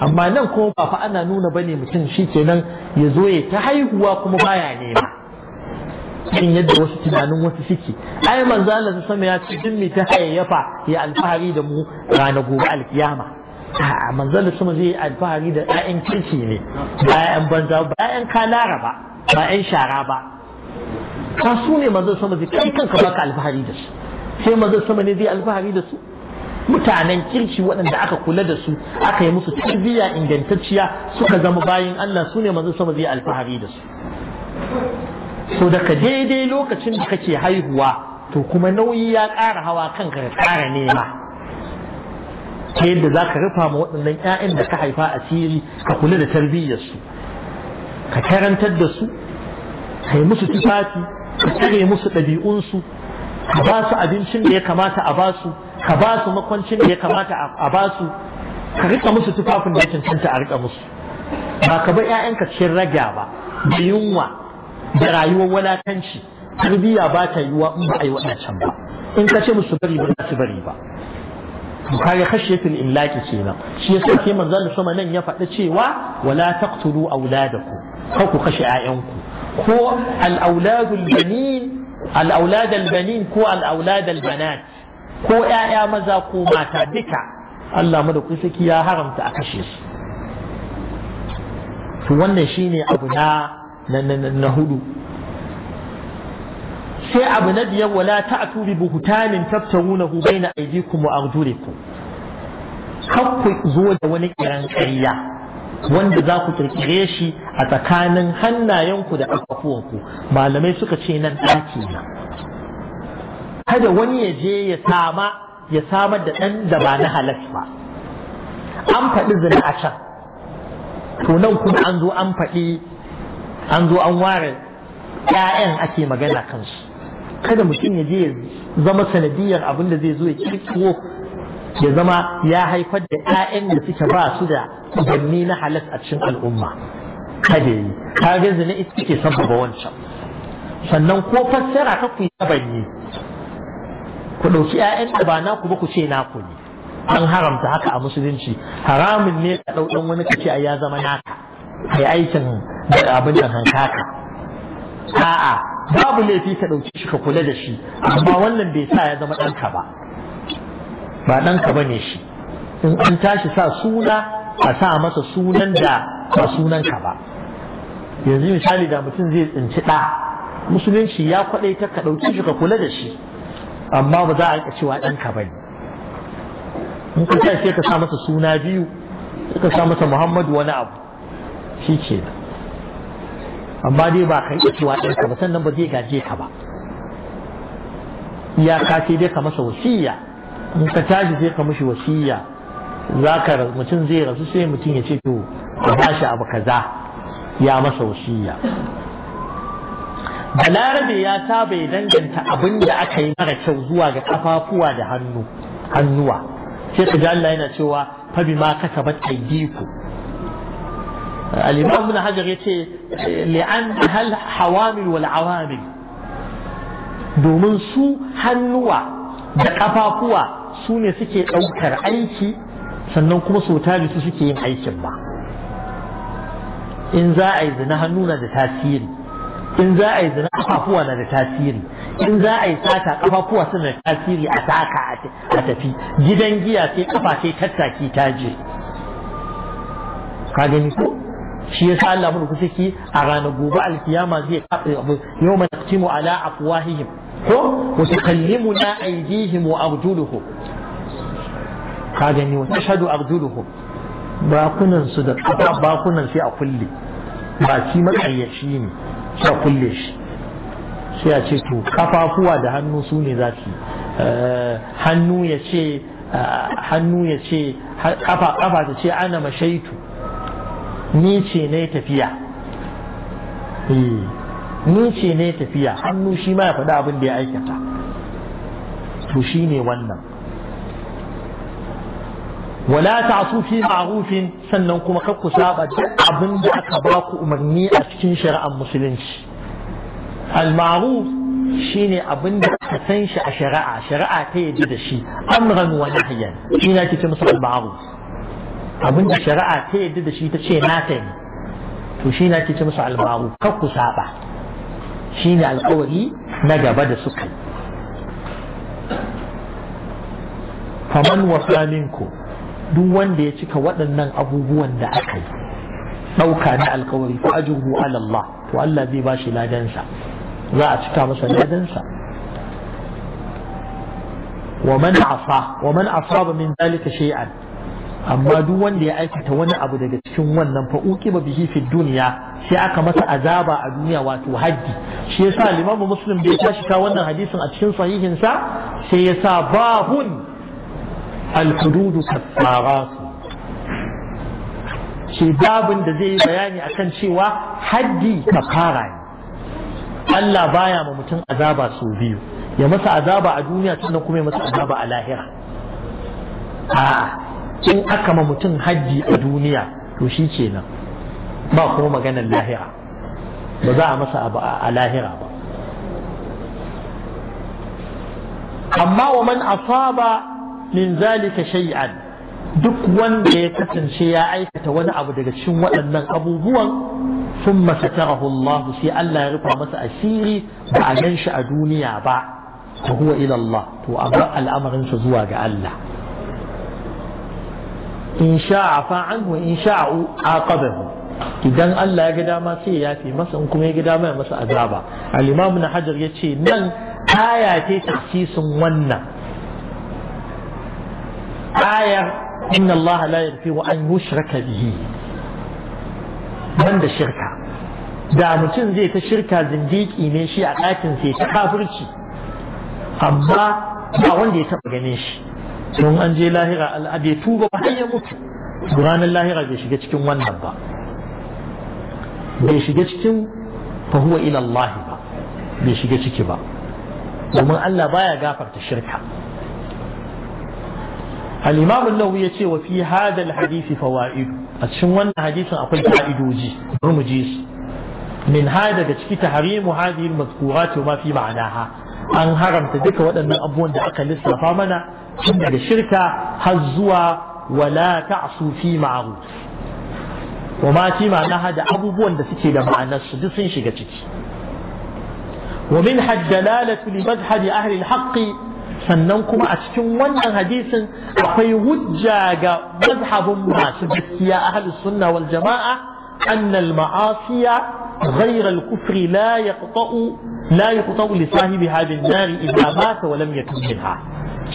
amma nan ko ba fa ana nuna bane mutum shi kenan ya zo ya ta haihuwa kuma baya nema in yadda wasu tunanin wasu suke ai manzo Allah su sama ya ce din mai ta hayyafa ya alfahari da mu rana gobe alkiyama a manzo Allah sama zai alfahari da ƴaƴan kirki ne ba banza ba ƴaƴan kalara ba ba shara ba ka su ne manzon sama zai kai kanka baka alfahari da su sai manzon sama ne zai alfahari da su mutanen kirki waɗanda aka kula da su aka yi musu tarbiyya ingantacciya suka zama bayan Allah su ne manzon sama zai alfahari da su so daga daidai lokacin da kake haihuwa to kuma nauyi ya ƙara hawa kanka ya ƙara nema ta yadda za ka rufa ma waɗannan 'ya'yan da ka haifa asiri ka kula da tarbiyyarsu ka karantar da su ka yi musu tufafi ka tsare musu ɗabi'unsu ka ba su abincin da ya kamata a ba su ka ba su makwancin da ya kamata a ba su ka rika musu tufafin da cancanta a rika musu ba ka bar ƴaƴanka cikin raga ba da yunwa da rayuwar walakanci tarbiyya ba ta yiwa in ba a yi waɗancan ba in ka ce musu bari ba za su bari ba kashe khashyatul imlaki kenan shi yasa ke manzo Allah sama nan ya faɗi cewa wala taqtulu auladakum da ku kashe 'ya'yanku ko al'auladul banin al'auladul banin ko al'auladul banat ko ‘ya'ya maza ko mata duka Allah madaukakin saki ya haramta a kashe su to wannan shine abu na na hudu sai abu na biyar wala ta'tu bi na taftarunahu na aydikum ku arjulikum kakku zo da wani kiran ƙarya wanda za ku kirkire shi a tsakanin hannayenku da ƙafafuwanku malamai suka ce nan ɗaki na kada wani ya je ya sama ya samar da ɗan da ba na halas ba an faɗi zina a can to nan kuma an zo an faɗi an zo an ware ƴaƴan ake magana kansu kada mutum ya je ya zama sanadiyar abin da zai zo ya kirkiro ya zama ya haifar da 'ya'yan da suke ba su da ganni na halas a cikin al'umma kada yi kaga zina ita ke sababa wancan sannan ko fassara ka ku yi yi. ku ɗauki 'ya'yan da ba naku ba ku ce naku ne an haramta haka a musulunci haramun ne ka ɗau wani ka a ya zama naka kai aikin da abin da hankaka a'a babu laifi ka ɗauki shi ka kula da shi amma wannan bai sa ya zama ɗanka ba ba ɗanka ba ne shi in an tashi sa suna a sa masa sunan da ba sunanka ba yanzu misali da mutum zai tsinci ɗa musulunci ya kwaɗai ta ka ɗauki shi ka kula da shi amma ba za a rika cewa ɗanka ba ne in ka tashi ka sa masa suna biyu ka sa masa muhammadu wani abu shi ke amma dai ba ka iya cewa ɗanka ba sannan ba zai gaje ka ba iyaka sai dai ka masa wasiya in ka tashi sai ka mishi wasiya za ka mutum zai rasu sai mutum ya ce to ba shi abu kaza ya masa wasiya balarabe ya saba ya danganta abin da aka yi mara kyau zuwa ga kafafuwa da hannu hannuwa sai ka Allah yana cewa ma bima kasabat aydiku al-imam ibn hajar yace li'an hal hawamil wal awamil domin su hannuwa da kafafuwa su ne suke ɗaukar aiki sannan kuma su su suke yin aikin ba in za a yi zina hannu na da tasiri in za a yi zina kafafuwa na da tasiri in za a yi sata kafafuwa suna da tasiri a taka a tafi gidan giya sai kafa sai tattaki ta je ka gani ko shi yasa Allah mulku suke a ranar gobe alkiyama zai kafa yau mai ala afwahihim ko na aidihim wa abduluhu ka gani wa tashadu abduluhu bakunan su da kafa bakunan sai a kulle shi makayyaci ne sai a kulle shi sai a ce to kafafuwa da hannu su ne za su eh, hannu ya ce eh, hannu ya ce kafa kafa ta ce ana mashaitu ni ce na tafiya eh. ni ce ne tafiya hannu shi ma ya faɗi abin da ya aikata to shi ne wannan wala ta'su fi ma'rufin sannan kuma kar ku saba duk abin da aka ba ku umarni a cikin shari'ar musulunci al-ma'ruf shine abin da aka san shi a shari'a shari'a ta yadda da shi amran wa nahyan shi ne ake ce masa al-ma'ruf abin da shari'a ta yadda da shi ta ce na ta to shi ne ake ce masa al-ma'ruf kar ku saba shine alƙawari na gaba da suka yi faman wasa minku duk wanda ya cika waɗannan abubuwan da aka yi ɗauka na alkawari ko ajruhu ala to Allah zai ba shi ladansa za a cika masa ladansa wa man wa asaba min dalika shay'an amma duk wanda ya aikata wani abu daga cikin wannan fa uqiba bihi fi dunya sai aka masa azaba a duniya wato haddi shi yasa limamu muslim bai tashi ta wannan hadisin a cikin sahihin sa sai yasa bahun al-hudud kaffarat shi babin da zai yi bayani akan cewa haddi kafara ne Allah baya ma mutum azaba sau biyu ya masa azaba a duniya tunda kuma ya masa azaba a lahira a'a in aka ma mutum hajji a duniya to shi kenan ba kuma maganar lahira ba za a masa abu a lahira ba amma wa man asaba min zalika shay'an duk wanda ya kasance ya aikata wani abu daga cikin waɗannan abubuwan sun masatarahu Allah sai Allah ya rufa masa asiri ba a gan shi a duniya ba ta huwa ila Allah to a bar al'amarinsa zuwa ga Allah in sha'a fa'an wa in sha'u aqabahu idan Allah ya ga dama sai ya yafe masa in kuma ya ga dama ya masa azaba al-imam na hajar yace nan aya ce sun wannan ayar inna Allah la yaghfiru an yushraka bihi banda shirka da mutum zai ta shirka zindiki ne shi a ɗakin sai ta kafirci amma ba wanda ya taɓa ganin shi sun an je lahira al'abe tuba ba har ya mutu ranar lahira bai shiga cikin wannan ba bai shiga cikin fahuwa ila ba bai shiga ciki ba domin Allah baya gafarta shirka al-imam an-nawawi yace wa fi hadha al-hadith fawaid a cikin wannan hadisin akwai fa'idoji bari mu ji su min hada daga ciki tahrimu hadhihi al-mazkurat wa ma fi ma'anaha an haramta duka waɗannan abubuwan da aka lissafa mana tun daga shirka har zuwa wala ta'su fi ma'ruf wa ma fi ma'ana da abubuwan da suke da ma'anar su duk sun shiga ciki wa min haddalalatu li madhhabi ahli al-haqq sannan kuma a cikin wannan hadisin akwai hujja ga mazhabin masu gaskiya ahli sunna wal jama'a أن المعاصي غير الكفر la yaqta'u la yuqta'u li sahibi hadin nari ba ta wa lam yatub ha?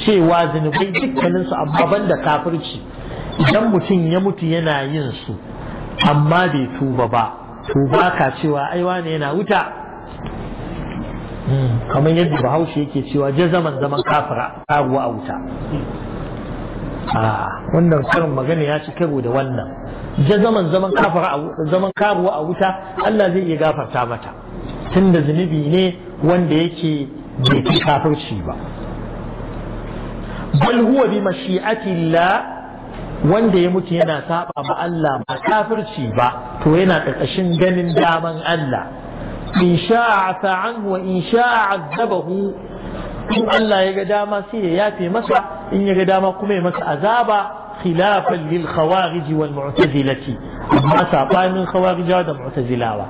cewa zinubai dukkaninsu su amma banda kafirci idan mutum ya mutu yana yin su amma bai tuba ba tuba ka cewa ai wane yana wuta kamar yadda bahaushe yake cewa jazaman zaman kafira karuwa a wuta wannan karin magana ya ci karo da wannan jazaman zaman kafira zaman karuwa a wuta Allah zai iya gafarta mata tunda zunubi ne wanda yake bai kafirci ba bal huwa bi mashi'atillah wanda ya mutu yana saba ma Allah ba kafirci ba to yana ƙarƙashin ganin daman Allah in sha'a afa wa in sha'a azabahu in Allah ya ga dama sai ya yafe masa in ya ga dama kuma ya masa azaba khilafan lil khawarij wal mu'tazilati amma sabanin khawarijawa da mu'tazilawa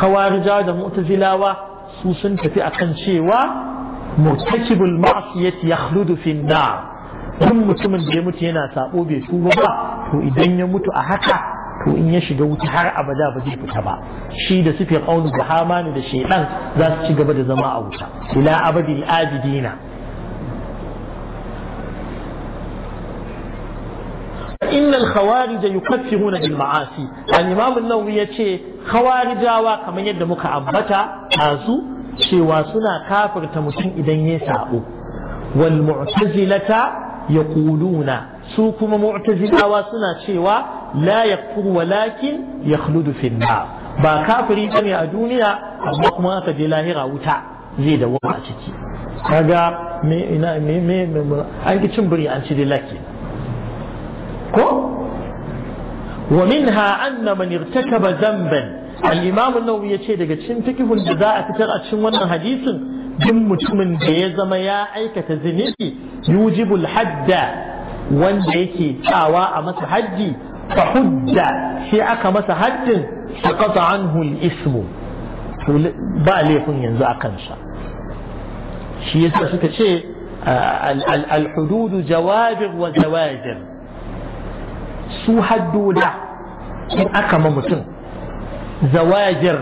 khawarija da mu'tazilawa su sun tafi akan cewa murtakibul ma'siyati yakhludu fi nar duk mutumin da ya mutu yana sabo bai tuba ba to idan ya mutu a haka to in ya shiga wuta har abada ba zai fita ba shi da suke kaunu da hamani da shaidan za su ci gaba da zama a wuta ila abadil abidina فإن الخوارج يكفرون بالمعاصي الإمام النووي yace khawarijawa kamar yadda muka أبتا تازو cewa suna kafirta mutum idan ya sabo wal mu'tazilata yaquluna su kuma mu'tazilawa suna cewa la yakfuru walakin yakhludu fil nar ba kafiri bane a duniya amma kuma aka je lahira wuta zai da a ciki kaga me ina me me an ki cin buri an ci lakin. ko ومنها أن من ارتكب ذنبا الإمام النووي يشهد لك تكف الجزاء كتر أتشن وانا حديث دم متمن بيزم يا أيك تزنيتي يوجب الحد وان يكي تاوى مس حجي فحد شي أكا مس حج سقط عنه الإثم ba laifin yanzu a kansa shi yasa suka ce al-hududu jawabir wa jawabir su haddoda in aka ma mutum zawajir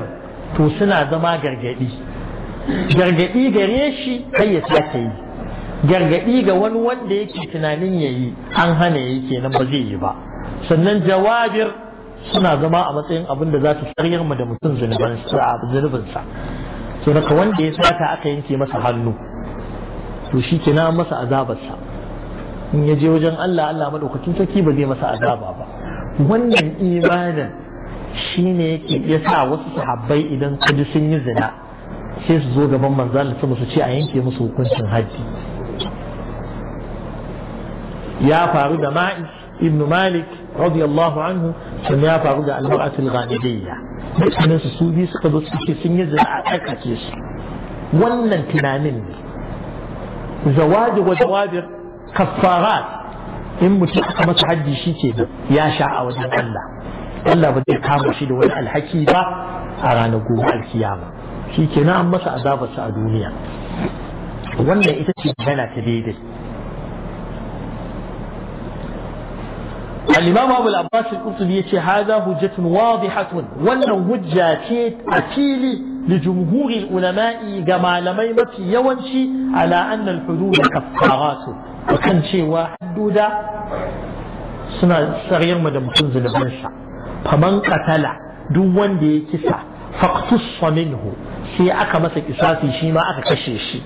to suna zama gargadi gargadi gare shi kai ya sake yi gargadi ga wani wanda yake tunanin ya yi an hana yi kenan ba zai yi ba sannan jawabir suna zama a matsayin abin da za su tsariyar mu da mutum zunubinsa To daga wanda ya sata aka yanke masa hannu to shi kina masa azabarsa in ya je wajen Allah Allah madaukakin sarki ba zai masa azaba ba wannan imanin shine yake ya sa wasu sahabbai idan kaji sun yi zina sai su zo gaban manzon Allah su ce a yanke musu hukuncin hajji. ya faru da ma'is ibn malik radiyallahu anhu sun ya faru da almar'atul ghanidiyya mutanen su su bi suka zo suke sun yi zina a tsakace su wannan tunanin ne zawaji wa jawabir kaffarat in mutum aka masa haddi shi ke nan ya sha a wajen Allah Allah ba zai kama shi da wani alhaki ba a ranar gobe alkiyama shi ke nan an masa azabarsa a duniya wannan ita ce magana ta daidai الإمام أبو العباس القرطبي يتي هذا هجة واضحة وأن هجة أتيلي لجمهور العلماء كما لم يمت يونشي على أن الحدود كفارات kan cewa hadduda suna mu da mutum zulubansa faman katala duk wanda ya kisa faktus saminhu sai aka masa kisasi shi ma aka kashe shi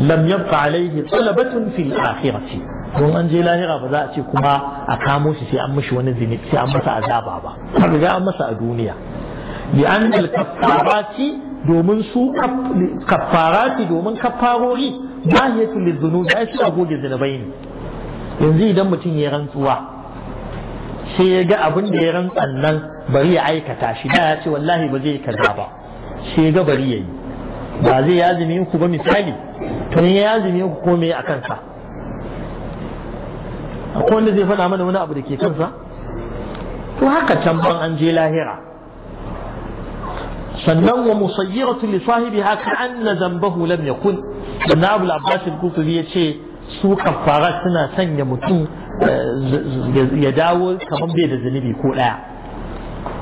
lam yabqa alayhi talabatun fil akhirati don an je lahira ba za a ce kuma a kamo shi sai an mishi wani zinib sai an masa azaba ba har ga an masa a duniya bi an al kaffarati domin su kaffarati domin kaffarori mahiyatu lizunubi ai suna goge zunubai ne yanzu idan mutum ya rantsuwa sai ya ga abin da ya rantsan nan bari ya aikata shi da ya ce wallahi ba zai yi kaza ba sai ya ga bari ya yi ba zai yazumi ku ba misali to ya yazumi ku ko a kansa akwai wanda zai faɗa mana wani abu da ke kansa to haka can ban an je lahira sannan wa musayyiratu li sahibiha ka anna zambahu lam yakun sannan abu abbasin kufuri ya ce su kafara suna sanya mutum eh, ya dawo kamar bai da zunubi ko ɗaya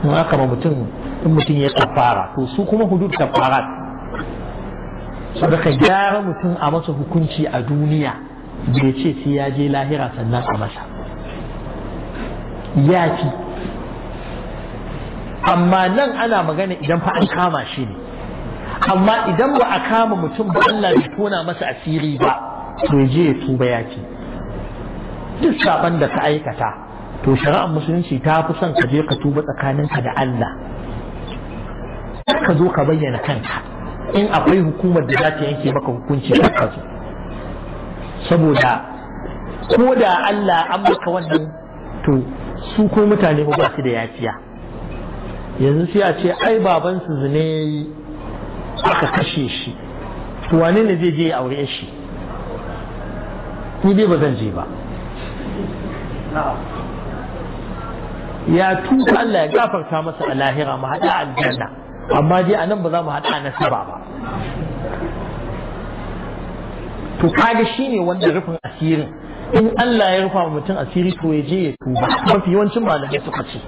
Na kama mutum in mutum ya kafara to su kuma hudud kafara su daga gyara mutum a masa hukunci a duniya bai ce sai ya je lahira sannan a masa ya fi amma nan ana magana idan fa an kama shi ne amma idan ba a kama mutum ba Allah bai tona masa asiri ba to je ya tuba ya duk saban da ka aikata to shari'ar musulunci ta fi son ka je ka tuba tsakaninka da Allah ka zo ka bayyana kanka in akwai hukumar da za ta yanke maka hukunci ka zo saboda ko da Allah an maka wannan to su ko mutane ba su da yafiya yanzu sai a ce ai babansu zune aka kashe shi wane ne zai je ya aure shi ni dai ba zan je ba ya tuka Allah ya gafarta masa a lahira mu haɗa aljanna amma dai anan ba za mu haɗa nasaba ba to kaga ne wanda rufin asirin in Allah ya rufa mutum asiri to ya je ya tuba mafi yawancin malamai suka ce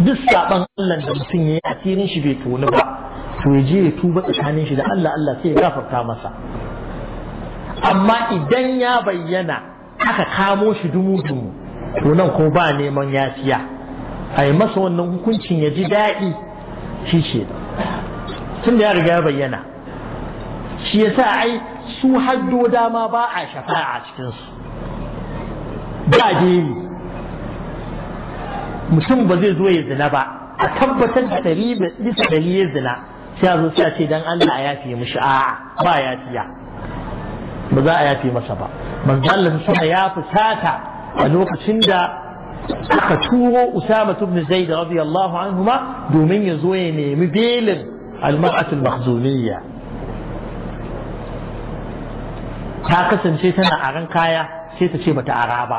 duk saban Allah da mutum ya yi asirin shi bai tonu ba to ya je ya tuba tsakanin shi da Allah Allah sai ya gafarta masa amma idan ya bayyana aka kamo shi dumu dumu to nan ko ba neman yasiya a yi masa wannan hukuncin ya ji daɗi shi ce tun da ya riga ya bayyana shi ya sa ai su haddo dama ba a shafa'a cikinsu ba deli mutum ba zai zo ya zina ba a tabbatar da ɗari bisa ɗari ya zina sai a zo sai a ce dan Allah a yafe mushi a'a ba yafiya ba za a yafe masa ba manzo Allah sama ya fusata a lokacin da aka turo Usama ibn Zaid radiyallahu anhuma domin ya zo ya nemi belin al-mar'atul mahzumiyya ta kasance tana aran kaya sai ta ce bata ara ba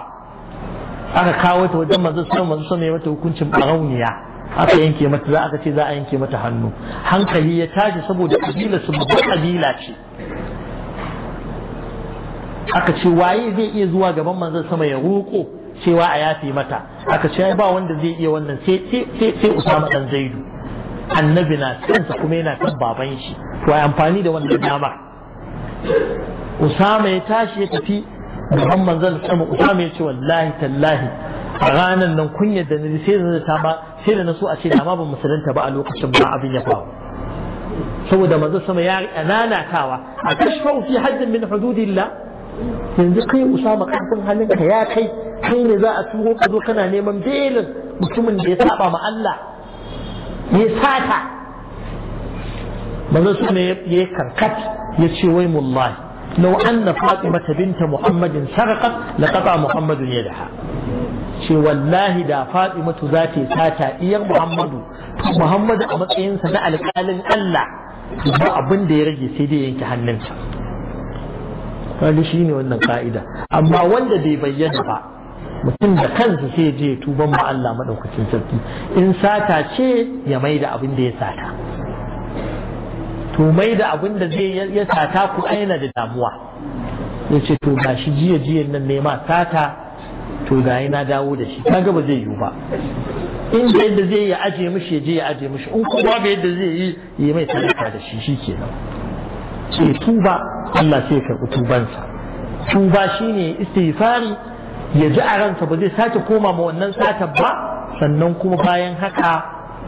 aka kawo ta wajen manzo sallallahu alaihi wasallam ya mata hukuncin barauniya aka yanke mata za aka ce za a yanke mata hannu hankali ya tashi saboda kabila su babbar kabila ce aka ce waye zai iya zuwa gaban manzon sama ya roko cewa a yafe mata aka ce ba wanda zai iya wannan sai sai Usama dan Zaidu annabi na kansa kuma yana kan baban shi to ai amfani da wannan dama Usama ya tashi ya tafi gaban manzon sama Usama ya ce wallahi tallahi a ranar nan kunyar da ni sai zan ta ba sai da na so a ce da ma ba musulunta ba a lokacin ba abin ya faru saboda manzo sama ya ananatawa a kashfa fi haddin min hududillah yanzu kai usama karfin ka ya kai kai ne za a turo ka zo kana neman belin mutumin da ya saba ma Allah ya sata manzo sama ya karkat ya ce wai mullahi لو أن فاطمة بنت محمد سرقت لقطع محمد يدها ce wallahi da Fatimatu za ta sata iyar Muhammadu Muhammadu a matsayinsa na alkalin Allah ba abin da ya rage sai dai yanke hannunta wani shi ne wannan ka'ida amma wanda bai bayyana ba mutum da kansa sai je tuban ma Allah maɗaukacin sarki in sata ce ya mai da abin da ya sata to mai da abin da zai ya sata ku aina da damuwa ya ce to shi jiya jiyan nan ne ma sata to ga na dawo da shi kaga ba zai yiwu ba in da yadda zai yi aje mishi je ya aje mishi in kuma ba yadda zai yi yi mai sadaka da shi shi ke nan. ce tuba Allah sai ya karɓi tubansa tuba shine istighfari ya ji a ransa ba zai sake koma ma wannan sata ba sannan kuma bayan haka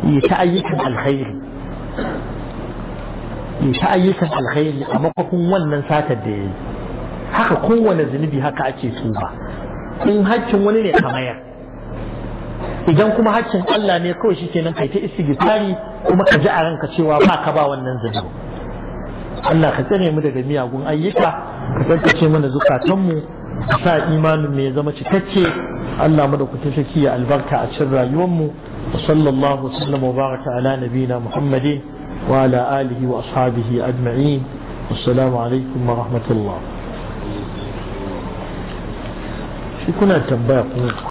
ya ta ayyukan alkhairi ya ta ayyukan alkhairi a makwafin wannan satar da ya yi haka kowane zunubi haka ake tuba in haƙƙin wani ne ka mayar idan kuma haƙƙin Allah ne kawai shi kenan kai ta istighfari kuma ka ji a ranka cewa ba ka ba wannan zunubi Allah ka tsare mu daga miyagun ayyuka ka tsarkace mana zukatanmu ka sa imanin mu ya zama cikakke Allah mu da kuta saki ya albarka a cikin rayuwarmu wa sallallahu sallama wa baraka ala nabiyina Muhammadin wa ala alihi wa ashabihi ajma'in assalamu alaikum wa shi kuna tambaya kuma